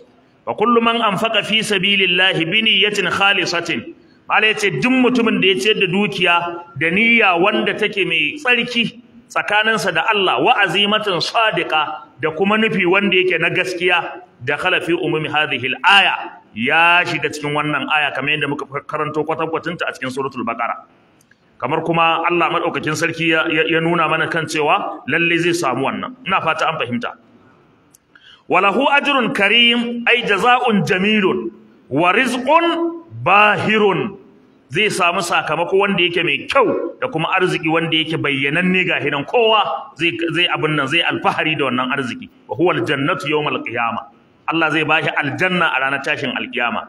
wa kullu man anfaqa fi sabilillahi bi niyyatin khalisatin mala yace duk mutumin da ya ciyar da dukiya da niyya wanda take mai tsarki tsakaninsa da Allah wa azimatin sadiqa da kuma nufi wanda yake na gaskiya da khalafi umumi hadhihi al-aya ya shiga cikin wannan aya kamar yadda muka karanto ta a cikin suratul baqara kamar kuma Allah madaukakin sarki ya nuna mana kan cewa lalle zai samu wannan ina fata an fahimta walahu ajrun karim ay jazaa'un jamilun wa rizqun bahirun zai samu sakamako wanda yake mai kyau da kuma arziki wanda yake bayyananne ga hidan kowa zai zai abin nan zai alfahari da wannan arziki wa huwal jannatu yawmal qiyamah Allah zai bashi aljanna a ranar tashin alkiyama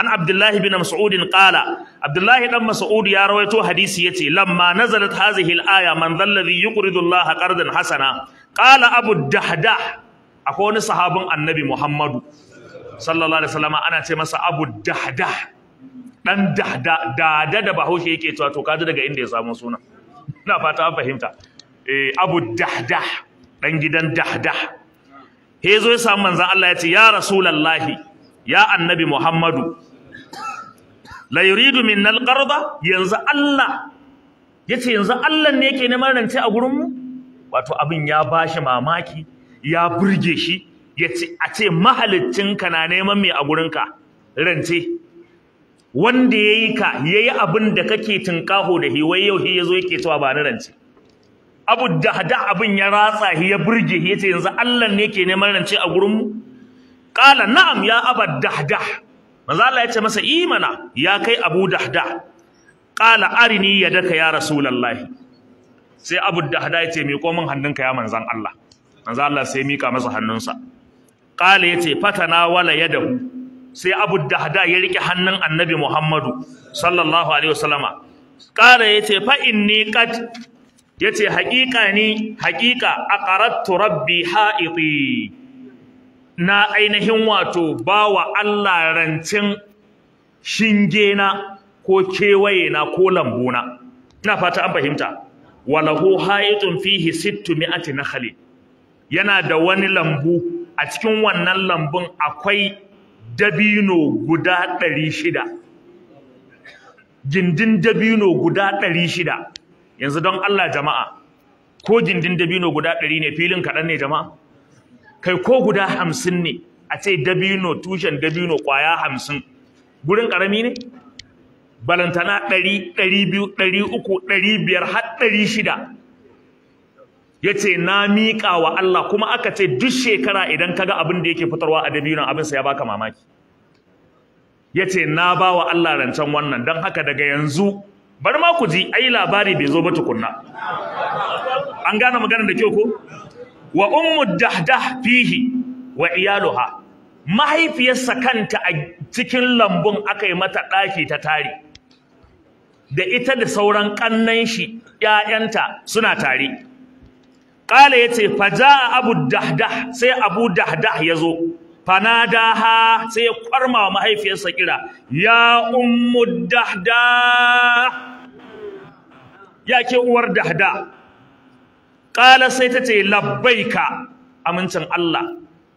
an abdullahi bin mas'ud qala abdullahi dan mas'ud ya rawaito hadisi yace lamma nazalat hazihi al-aya man dhal yuqridu Allah qardan hasana qala abu dahdah akwai wani sahabin annabi Muhammadu sallallahu alaihi wasallam ana ce masa abu dahdah dan dahda dada da bahaushe yake cewa to kaji daga inda ya samu suna ina fata an fahimta eh abu dahdah dan gidan dahdah he zo ya samu manzon Allah ya ce ya rasulullahi ya annabi Muhammadu la yuridu minnal qarda yanzu Allah yace yanzu Allah ne yake neman rance a gurin mu wato abin ya bashi mamaki ya burge shi yace a ce ka na neman me a gurin ka rance wanda yayi ka yayi abin da kake tinkaho da hiwayo yau hi yazo yake cewa ba ni rance abu hada abin ya ratsa shi ya burge shi yace yanzu Allah ne yake neman rance a gurin mu qala na'am ya aba dahda manzo Allah yace masa imana ya kai abu dahda qala arini yadaka ya rasulullahi sai abu dahda yace me komin hannunka ya manzan Allah manzo Allah sai mika masa hannunsa qala yace fatana wala yadahu sai abu dahda ya rike hannun annabi Muhammadu sallallahu alaihi wasallama qala yace fa inni qad Ya ce haƙiƙa ni haƙiƙa a aqarattu rabbi haiti na ainihin wato bawa Allah rancin shinge na ko kewaye na ko lambu na na fata an fahimta walahu haitun fihi sittu mi'ati khali. yana da wani lambu a cikin wannan lambun akwai dabino guda ɗari shida gindin dabino guda ɗari shida yanzu don Allah jama'a ko gindin dabino guda ɗari ne filin kaɗan ne jama'a kai ko guda hamsin ne a ce dabino tushen dabino ƙwaya hamsin gurin ƙarami ne balantana ɗari ɗari biyu ɗari uku ɗari biyar har ɗari shida ya ce na miƙa wa Allah kuma aka ce duk shekara idan ka ga abin da yake fitarwa a dabino abinsa ya baka mamaki ya ce na ba wa Allah rancen wannan don haka daga yanzu bar ma ku ji ai labari bai zo ba tukunna an gane magana da kyau ko wa ummu dahdah fihi wa iyaluha mahaifiyarsa kanta a cikin lambun aka yi mata ɗaki ta tare da ita da sauran ƙannan shi ‘ya'yanta suna tare ƙala ya ce faja abu dahdah sai abu dahdah ya zo ha sai ya kwarma wa mahaifiyarsa kira ya ummu dahda ya ke uwar dahda Kala sai ta ce labbaika amincin Allah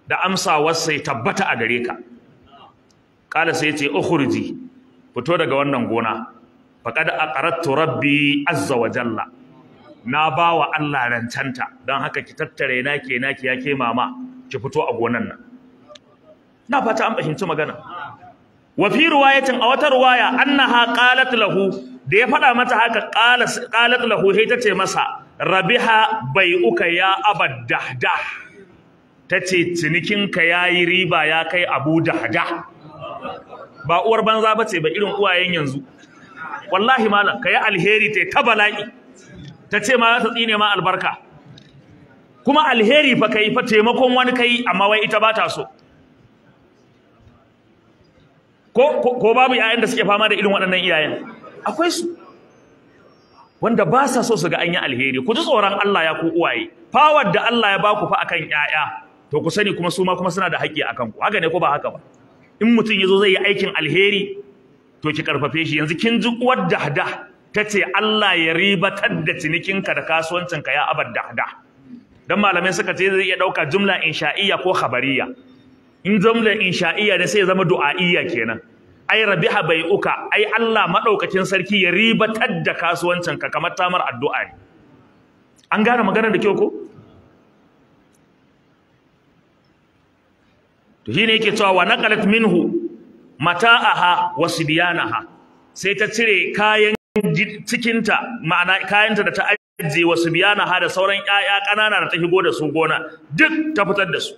da amsawarsa ya tabbata a gare ka Kala sai ya ce ukhruji fito daga wannan gona faqad aqarattu rabbi azza wa jalla na bawa Allah rancanta don haka ki tattare na ke na ki ya ke mama ki fito a gonan nan na fata an fahimci magana wa fi riwayatin a wata riwaya annaha qalat lahu da ya faɗa mata haka qalat lahu sai tace masa rabiha bai'uka ya abad dahdah tace cinikinka yayi riba ya kai abu dahda ba uwar banza bace ba irin uwayen yanzu wallahi malam kai alheri ta ta bala'i tace ma za ta tsine ma albarka kuma alheri fa kai fa taimakon wani kai amma wai ita bata so ko babu yayan da suke fama da irin waɗannan iyayen akwai su wanda ba sa so su ga an yi alheri ku ji tsoron Allah ya ku uwaye power da Allah ya baku fa akan yaya to ku sani kuma su ma kuma suna da haƙƙi akan ku haka ne ko ba haka ba in mutum ya zo zai yi aikin alheri to ki karfafe shi yanzu kin ji uwar dahda ce Allah ya ribatar da cinikinka da kasuwancinka ya abar dahda dan malamai suka ce zai iya ɗauka jumla insha'iyya ko khabariyya in in insha'iyya ne sai ya zama du'a'iyya kenan ai rabiha bai uka ai Allah madaukakin sarki ya ribatar da kasuwancin ka kamar tamar addu'a ne an gane maganar da kyau ko to shine yake cewa wa naqalat minhu mata'aha wa sibyanaha sai ta cire kayan cikinta ma'ana kayanta da ta ajiye wa sibyanaha da sauran 'ya'ya, ƙanana da ta higo da su gona duk ta fitar da su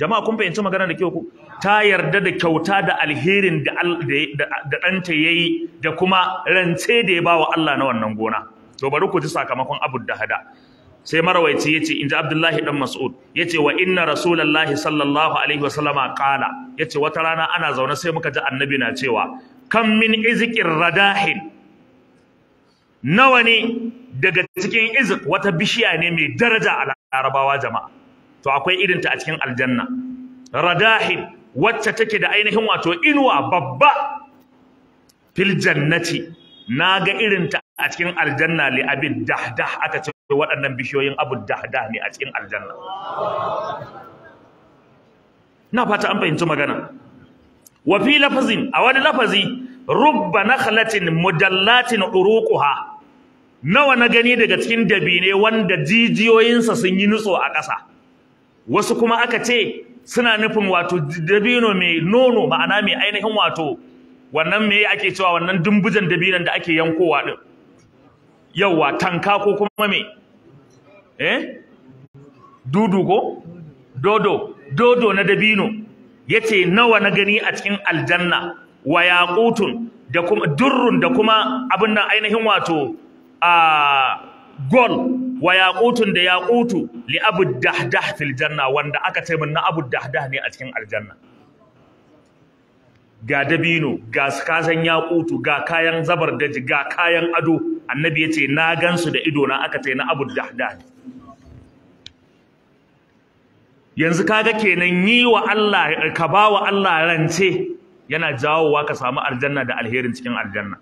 jama'a kun fahimci magana da kyau ku ta yarda da kyauta da alherin da da ɗanta yayi da kuma rance da ya bawa Allah na wannan gona to bari ku ji sakamakon abu da hada sai marawaici yace inji Abdullahi dan Mas'ud yace wa inna rasulullahi sallallahu alaihi wasallama qala yace wata rana ana zaune sai muka ji annabi na cewa kam min izqir radahin nawa ne daga cikin izq wata bishiya ne mai daraja a larabawa jama'a to akwai irin ta a cikin aljanna radahin wacce take da ainihin wato inuwa babba fil jannati naga irin ta a cikin aljanna li abid dahdah aka ce waɗannan bishiyoyin abu dahdah ne a cikin aljanna na fata an fahimci magana wa fi lafazin a wani lafazi rubba nakhlatin mudallatin uruquha nawa na gani daga cikin dabine wanda jijiyoyinsa sun yi nutso a ƙasa wasu kuma aka ce suna nufin wato dabino mai nono ma'ana mai ainihin wato wannan yi ake cewa wannan dumbujan dabinan da ake yankowa din wa tanka ko kuma me eh dudu ko dodo dodo na dabino yace nawa na gani a cikin aljanna wa yaqutun da kuma durrun da kuma abin nan ainihin wato a ah, gol wa yaqutun da yaqutu li abu dahdah fil janna wanda aka ce min na abu dahdah ne a cikin aljanna ga dabino ga kasan yaqutu ga kayan zabar daji ga kayan ado annabi yace na gansu da ido na aka ce na abu dahdah yanzu kaga kenan yi wa Allah ka ba wa Allah rance yana jawowa ka samu aljanna da alherin cikin aljanna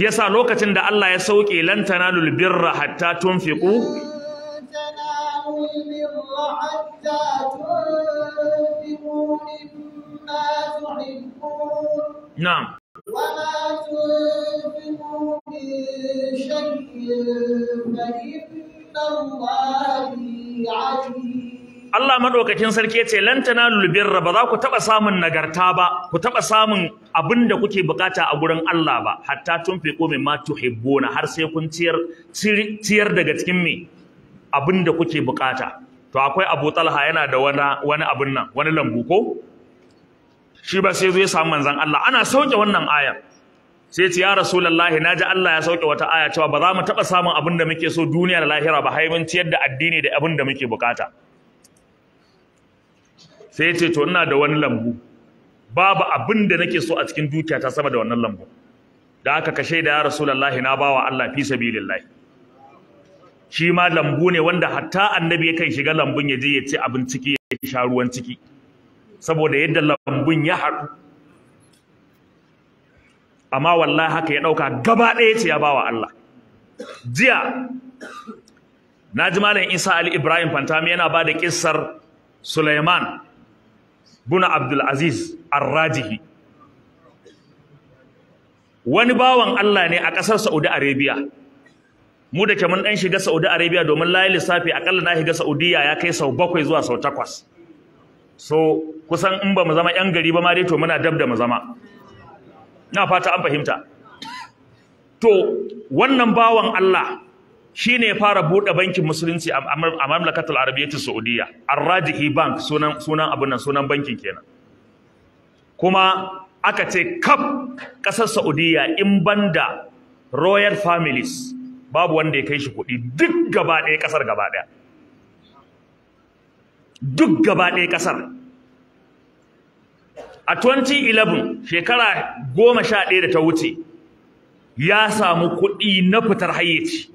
shi yasa lokacin da Allah ya sauke lan tanalul birra hatta tunfiqu na'am وما تنفقوا من شيء فإن الله عليم Allah madaukakin sarki yace lantana lantana birra ba za ku taba samun nagarta ba ku taba samun abin da kuke bukata a gurin Allah ba hatta tunfiqu mimma tuhibbuna har sai kun ciyar daga cikin me abin da kuke bukata to akwai Abu Talha yana da wani wani abin nan wani lambu ko shi ba sai zo ya samu manzon Allah ana sauke wannan ayar sai ce ya na ji Allah ya sauke wata aya cewa ba za mu taba samun abin da muke so duniya da lahira ba hai mun ciyar da addini da abin da muke bukata sai ya ce to ina da wani lambu babu abin da nake so a cikin dukiyata sama da wannan lambu da aka kashe da ya rasulullahi na bawa Allah fi sabilillahi shi ma lambu ne wanda hatta annabi yakan shiga lambun ya je ya ci abin ciki ya sha ruwan ciki saboda yadda lambun ya haɗu amma wallahi haka ya ɗauka gaba ɗaya ce ya bawa Allah jiya na ji malam Isa Ali Ibrahim Fantami yana ba da kissar Sulaiman buna Abdulaziz arrajihi. wani bawan Allah ne a ƙasar Saudi Arabia mu da ke mun ɗan shiga Saudi Arabia domin layi lissafi aƙalla na shiga Saudiya ya kai sau bakwai zuwa sau takwas so kusan in ba mu zama 'yan gari ba ma dai to muna dab da mu zama na fata an fahimta to wannan bawan Allah shi ne ya fara buɗe bankin musulunci a mamlakatul arabiyyati saudiya arrajihi bank sunan sunan sunan bankin kenan kuma aka ce kaf ƙasar Saudiyya in banda royal families babu wanda ya kai shi kuɗi duk gaba ɗaya ƙasar gaba ɗaya duk gaba ɗaya ƙasar a 2011 shekara goma sha ɗaya da ta wuce ya samu kuɗi na fitar hayyaci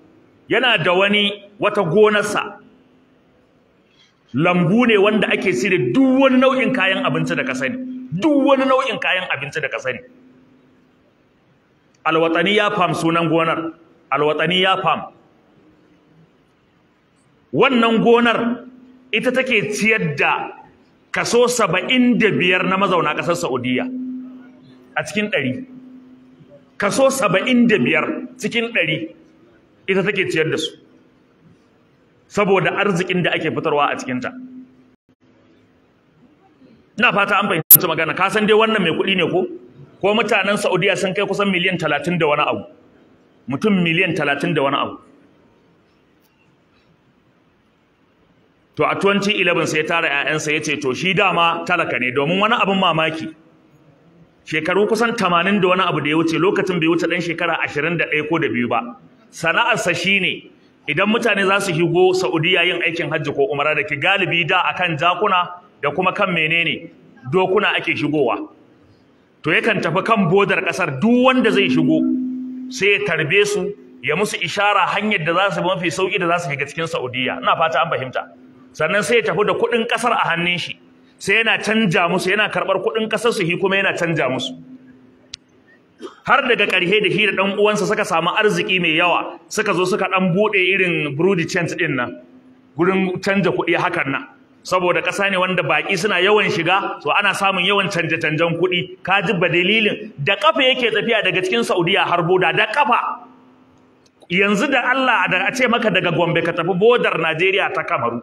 yana da wani wata gonarsa lambu ne wanda ake sire duk wani nau'in kayan abinci da ka sani duk wani nau'in kayan abinci da ka sani alwatani ya fam sunan gonar alwatani ya fam wannan gonar ita take ciyar da kaso saba'in da biyar na mazauna ƙasar Saudiya a cikin ɗari kaso saba'in da biyar cikin ɗari ita take ciyar da su saboda arzikin da ake fitarwa a cikinta ina fata an fahimci magana ka san dai wannan mai kuɗi ne ko ko mutanen Saudiya sun kai kusan miliyan talatin da wani abu mutum miliyan talatin da wani abu to a 2011 sai ya tara 'ya'yansa ya ce to shi dama talaka ne domin wani abin mamaki shekaru kusan tamanin da wani abu da ya wuce lokacin bai wuce ɗan shekara ashirin da ɗaya ko da biyu ba sana'arsa ne idan mutane za su higo Saudiyya yin aikin hajji ko umara da ke galibi da a kan jakuna da kuma kan menene dokuna ake shigowa to yakan tafi kan bodar kasar duk wanda zai shigo sai ya tarbe su ya musu ishara hanyar da za su bi mafi sauki da za su shiga cikin Saudiyya ina fata an fahimta sannan sai ya tafi da kuɗin kasar a hannun shi sai yana canja musu yana karɓar kuɗin kasar su hi kuma yana canja musu har daga ƙarhe da hira da ɗan uwansa suka samu arziki mai yawa suka zo suka ɗan buɗe irin brudi chant ɗin nan gurin canja kuɗi hakan nan saboda ƙasa ne wanda baƙi suna yawan shiga to ana samun yawan canje-canjen kuɗi ka ji ba dalilin da ƙafa yake tafiya daga cikin Saudiya har boda da ƙafa yanzu da Allah a ce maka daga Gombe ka tafi bodar Najeriya ta Kamaru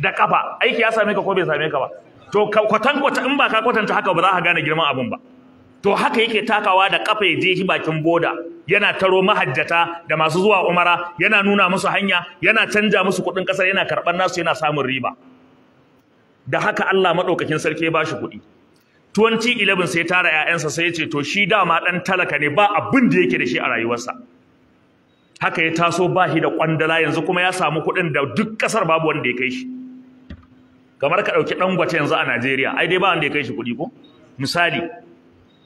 da ƙafa aiki ya same ka ko bai same ka ba to in ba ka kwatanta haka ba za ka gane girman abin ba to haka yake takawa da kafa ya je shi bakin boda yana taro mahajjata da masu zuwa umara yana nuna musu hanya yana canja musu kuɗin kasar yana karɓar nasu yana samun riba da haka Allah madaukakin sarki ya bashi kuɗi 2011 sai tara ƴaƴansa sai ya to shi dama dan talaka ne ba abin da yake da shi a rayuwarsa haka ya taso ba shi da kwandala yanzu kuma ya samu kuɗin da duk ƙasar babu wanda ya kai shi kamar ka ɗauki gwace yanzu a Najeriya ai dai ba wanda ya kai shi kuɗi ko misali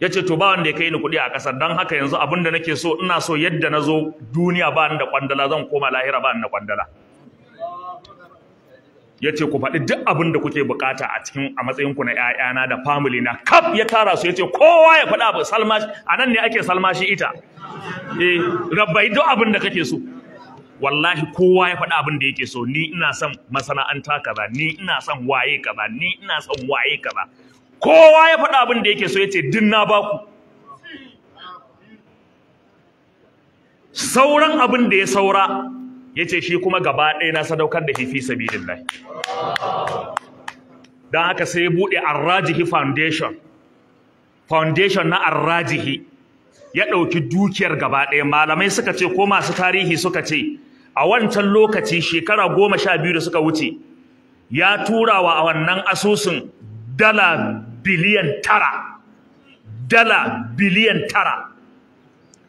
Ya ce to ba wanda ya kai ni kuɗi a ƙasar dan haka yanzu abin da nake so ina so yadda na zo duniya ba ni da kwandala zan koma lahira ba ni da Ya ce ku faɗi duk abin da kuke bukata a cikin a matsayin ku na 'ya'yana da family na kaf ya tara su Ya ce kowa ya faɗa ba salmashi anan ne ake salmashi ita eh rabbai duk abin da kake so wallahi kowa ya faɗa abin da yake so ni ina son masana'anta kaza ni ina son waye kaza ni ina son waye kaza kowa ya faɗa abin da yake so ya ce din na ku?" sauran abin da ya saura ya ce shi kuma gaba ɗaya na sadaukar da hifi sabidin lai don haka sai ya buɗe arrajihi foundation foundation na arrajihi ya ɗauki dukiyar gaba ɗaya malamai suka ce ko masu tarihi suka ce a wancan lokaci shekara goma sha biyu da suka wuce ya turawa a wannan asusun dala biliyan tara dala biliyan tara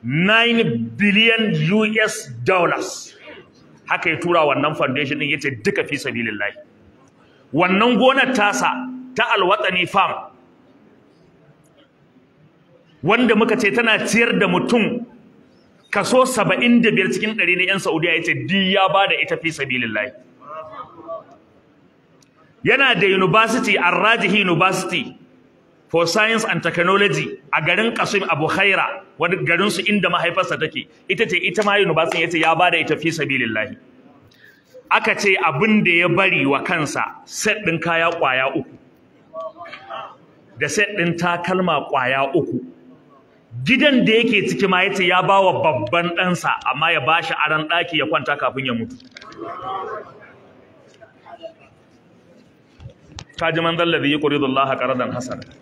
9 biliyan US dollars haka ya tura wannan foundation din yace duka fi sabilillahi wannan gonar tasa ta alwatani farm wanda muka ce tana ciyar da mutum kaso 75 cikin 100 na yan Saudiya yace di ya bada ita fi sabilillahi yana da university Arrajihi University for science and technology a garin Kasim Abu Khaira wani garin su inda mahaifarsa take ita ce ita ma university yace ya bada ita fi sabilillahi aka ce abin da ya bari wa kansa set din kaya kwaya uku da set din takalma kwaya uku gidan da yake ciki ma yace ya bawa babban ɗansa amma ya bashi aran ɗaki ya kwanta kafin ya mutu kaji man ƙuri yuqridu Allah ƙararren hasana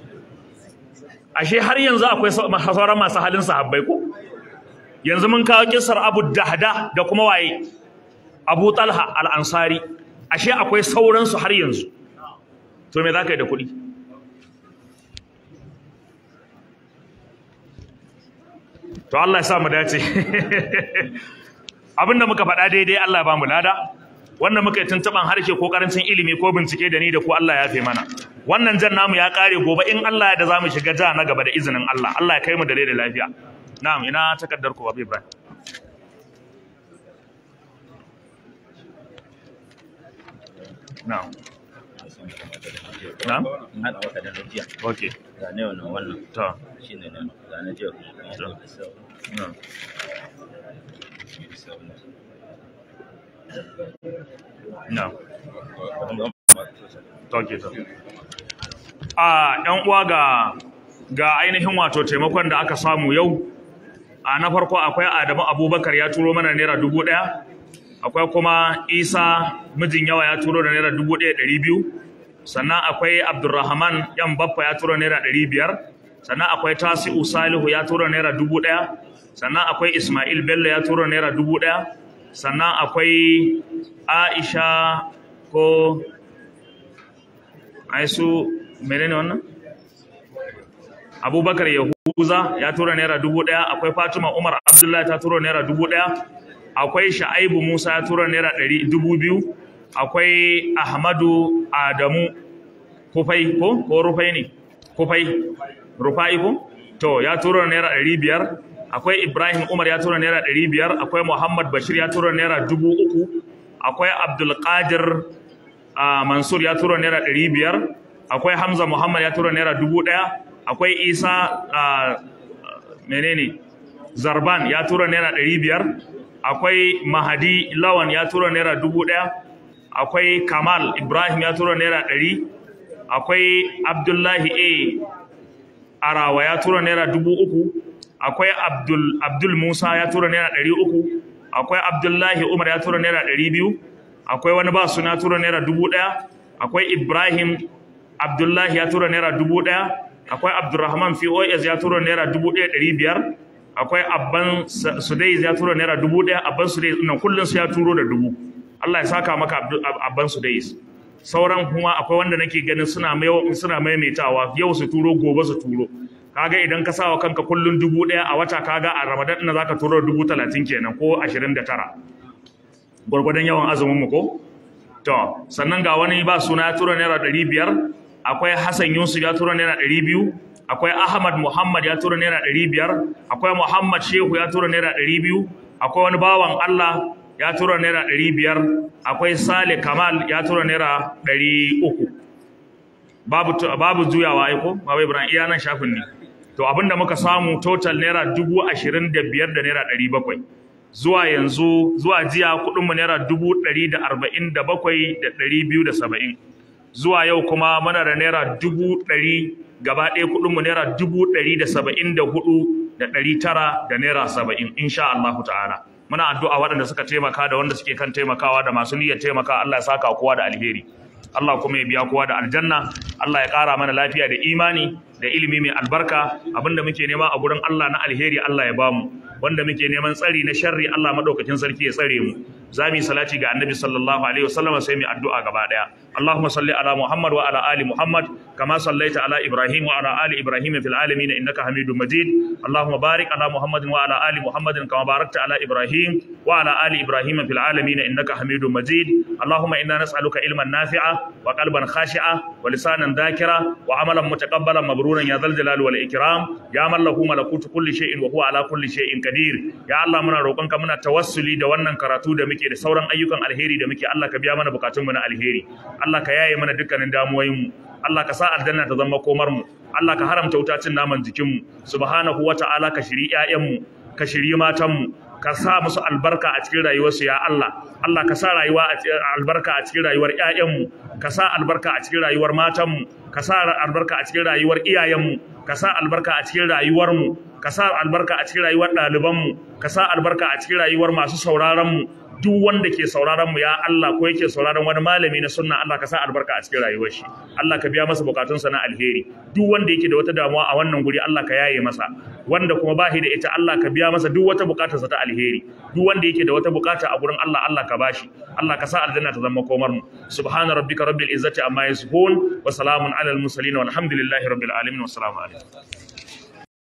ashe har yanzu akwai sauran masu halin sahabbai ko yanzu mun kawo kisar Abu Dahda da kuma waye Abu Talha al-Ansari ashe akwai sauran har yanzu to me ka yi da kuɗi to Allah ya sa mu dace abinda muka faɗa daidai Allah ya ba mu lada Wannan muka yi tuntuban harshe ko karancin ilimi ko bincike da ni da ku Allah ya fi mana wannan jan namu ya kare gobe in Allah ya da zamu shiga ja na gaba da izinin Allah Allah ya kai mu da rai da lafiya na'am ina takaddar ku babu Ibrahim na'am na'am na da wata da okay ga ne wannan wannan to shine ne ga ne ku na'am No. Toki to a ah, ɗan uwa ga ga ainihin wato taimakon da aka samu yau a ah, na farko akwai Adamu Abubakar ya turo mana naira dubu ɗaya akwai kuma Isa mijin yawa ya turo da naira dubu ɗaya ɗari biyu sannan akwai Abdulrahman yan baffa ya turo naira ɗari biyar sannan akwai Tasi'u Salihu ya turo naira dubu ɗaya sannan akwai Ismail Bello ya turo naira dubu ɗaya sannan akwai aisha ko aisu menene wannan abubakar yahuza ya tura naira dubu ɗaya akwai fatima umar abdullahi ta tura naira dubu ɗaya akwai sha'aibu musa ya tura naira dubu biyu akwai ahmadu adamu kufai ko ko rufai ne kufai rufai ko to ya tura naira ɗari biyar akwai Ibrahim Umar ya tura naira ɗari biyar akwai Muhammad Bashir ya tura naira dubu uku akwai Abdulkadir Mansur ya tura naira ɗari biyar akwai Hamza Muhammad ya tura naira dubu ɗaya akwai Isa menene Zarban ya tura naira ɗari biyar akwai Mahadi Lawan ya tura naira dubu ɗaya akwai Kamal Ibrahim ya tura naira ɗari akwai Abdullahi A Arawa ya tura naira dubu uku akwai Abdul Abdul Musa ya tura naira ɗari uku akwai Abdullahi Umar ya tura naira ɗari biyu akwai wani ba suna tura naira dubu ɗaya akwai Ibrahim Abdullahi ya tura naira dubu ɗaya akwai Abdulrahman POS ya tura naira dubu ɗaya ɗari biyar akwai abban Sudais ya tura naira dubu ɗaya abban Sudais nan kullum su ya turo da dubu Allah ya saka maka abban Sudais sauran kuma akwai wanda nake ganin suna maimaitawa yau su turo gobe su turo kaga idan ka sawa kanka kullun dubu ɗaya a wata kaga a ramadan ina zaka turo dubu talatin kenan ko ashirin da tara gwargwadon yawan azumin mu ko to sannan ga wani ba suna ya tura naira ɗari biyar akwai hassan yusuf ya tura naira ɗari biyu akwai ahmad muhammad ya tura naira ɗari biyar akwai muhammad shehu ya tura naira ɗari biyu akwai wani bawan allah ya tura naira ɗari biyar akwai sale kamal ya tura naira ɗari uku babu babu juyawa aiko babu ibrahim iya nan shafin ne to abin da muka samu total naira dubu ashirin da biyar da naira ɗari bakwai zuwa yanzu zuwa jiya kuɗinmu naira dubu ɗari da arba'in da bakwai da ɗari biyu da saba'in zuwa yau kuma muna da naira dubu ɗari gaba ɗaya kuɗinmu naira dubu ɗari da saba'in da hudu da ɗari tara da naira saba'in insha Allah ta'ala muna addu'a waɗanda suka taimaka da wanda suke kan taimakawa da masu niyyar taimaka Allah ya saka kowa da alheri Allah kuma ya biya kowa da aljanna Allah ya ƙara mana lafiya da imani da ilimi mai albarka abinda muke nema a gurin Allah na alheri Allah ya bamu wanda muke neman tsari na sharri Allah madaukakin sarki ya tsare mu zami salati ga annabi sallallahu alaihi wasallam sai mu addu'a gaba daya Allahumma salli ala Muhammad wa ala ali Muhammad kama sallaita ala Ibrahim wa ala ali Ibrahim fil alamin innaka Hamidum Majid Allahumma barik ala Muhammad wa ala ali Muhammad kama barakta ala Ibrahim wa ala ali Ibrahim fil alamin innaka Hamidum Majid Allahumma inna nas'aluka ilman nafi'a wa qalban khashi'a wa lisanan dhakira wa amalan mutaqabbalan mabrur maghruran ya zal jalali wal ikram ya man lahu malakutu kulli shay'in wa huwa ala kulli shay'in qadir ya Allah muna roƙonka muna tawassuli da wannan karatu da muke da sauran ayyukan alheri da muke Allah ka biya mana bukatun mu na alheri Allah ka yaye mana dukkanin damuwoyin mu Allah ka sa aljanna ta zama komar mu Allah ka haramta wutacin naman jikin mu subhanahu wata'ala ka shiri ƴaƴan mu ka shiri matan mu ka sa musu albarka a cikin rayuwarsu ya Allah Allah ka sa rayuwa albarka a cikin rayuwar ƴaƴanmu ka sa albarka a cikin rayuwar matanmu ka sa albarka a cikin rayuwar iyayenmu ka sa albarka a cikin rayuwarmu ka sa albarka a cikin rayuwar ɗalibanmu ka sa albarka a cikin rayuwar masu sauraronmu duk wanda ke sauraron mu ya Allah ko yake sauraron wani malami na sunna Allah ka sa albarka a cikin rayuwar shi Allah ka biya masa bukatunsa na alheri duk wanda yake da wata damuwa a wannan guri Allah ka yaye masa wanda kuma ba da ita Allah ka biya masa duk wata bukatarsa ta alheri duk wanda yake da wata bukata a gurin Allah Allah ka bashi Allah ka sa aljanna ta zama komar mu subhana rabbika rabbil izzati amma yasifun wa salamun alal mursalin walhamdulillahi rabbil alamin wassalamu alaikum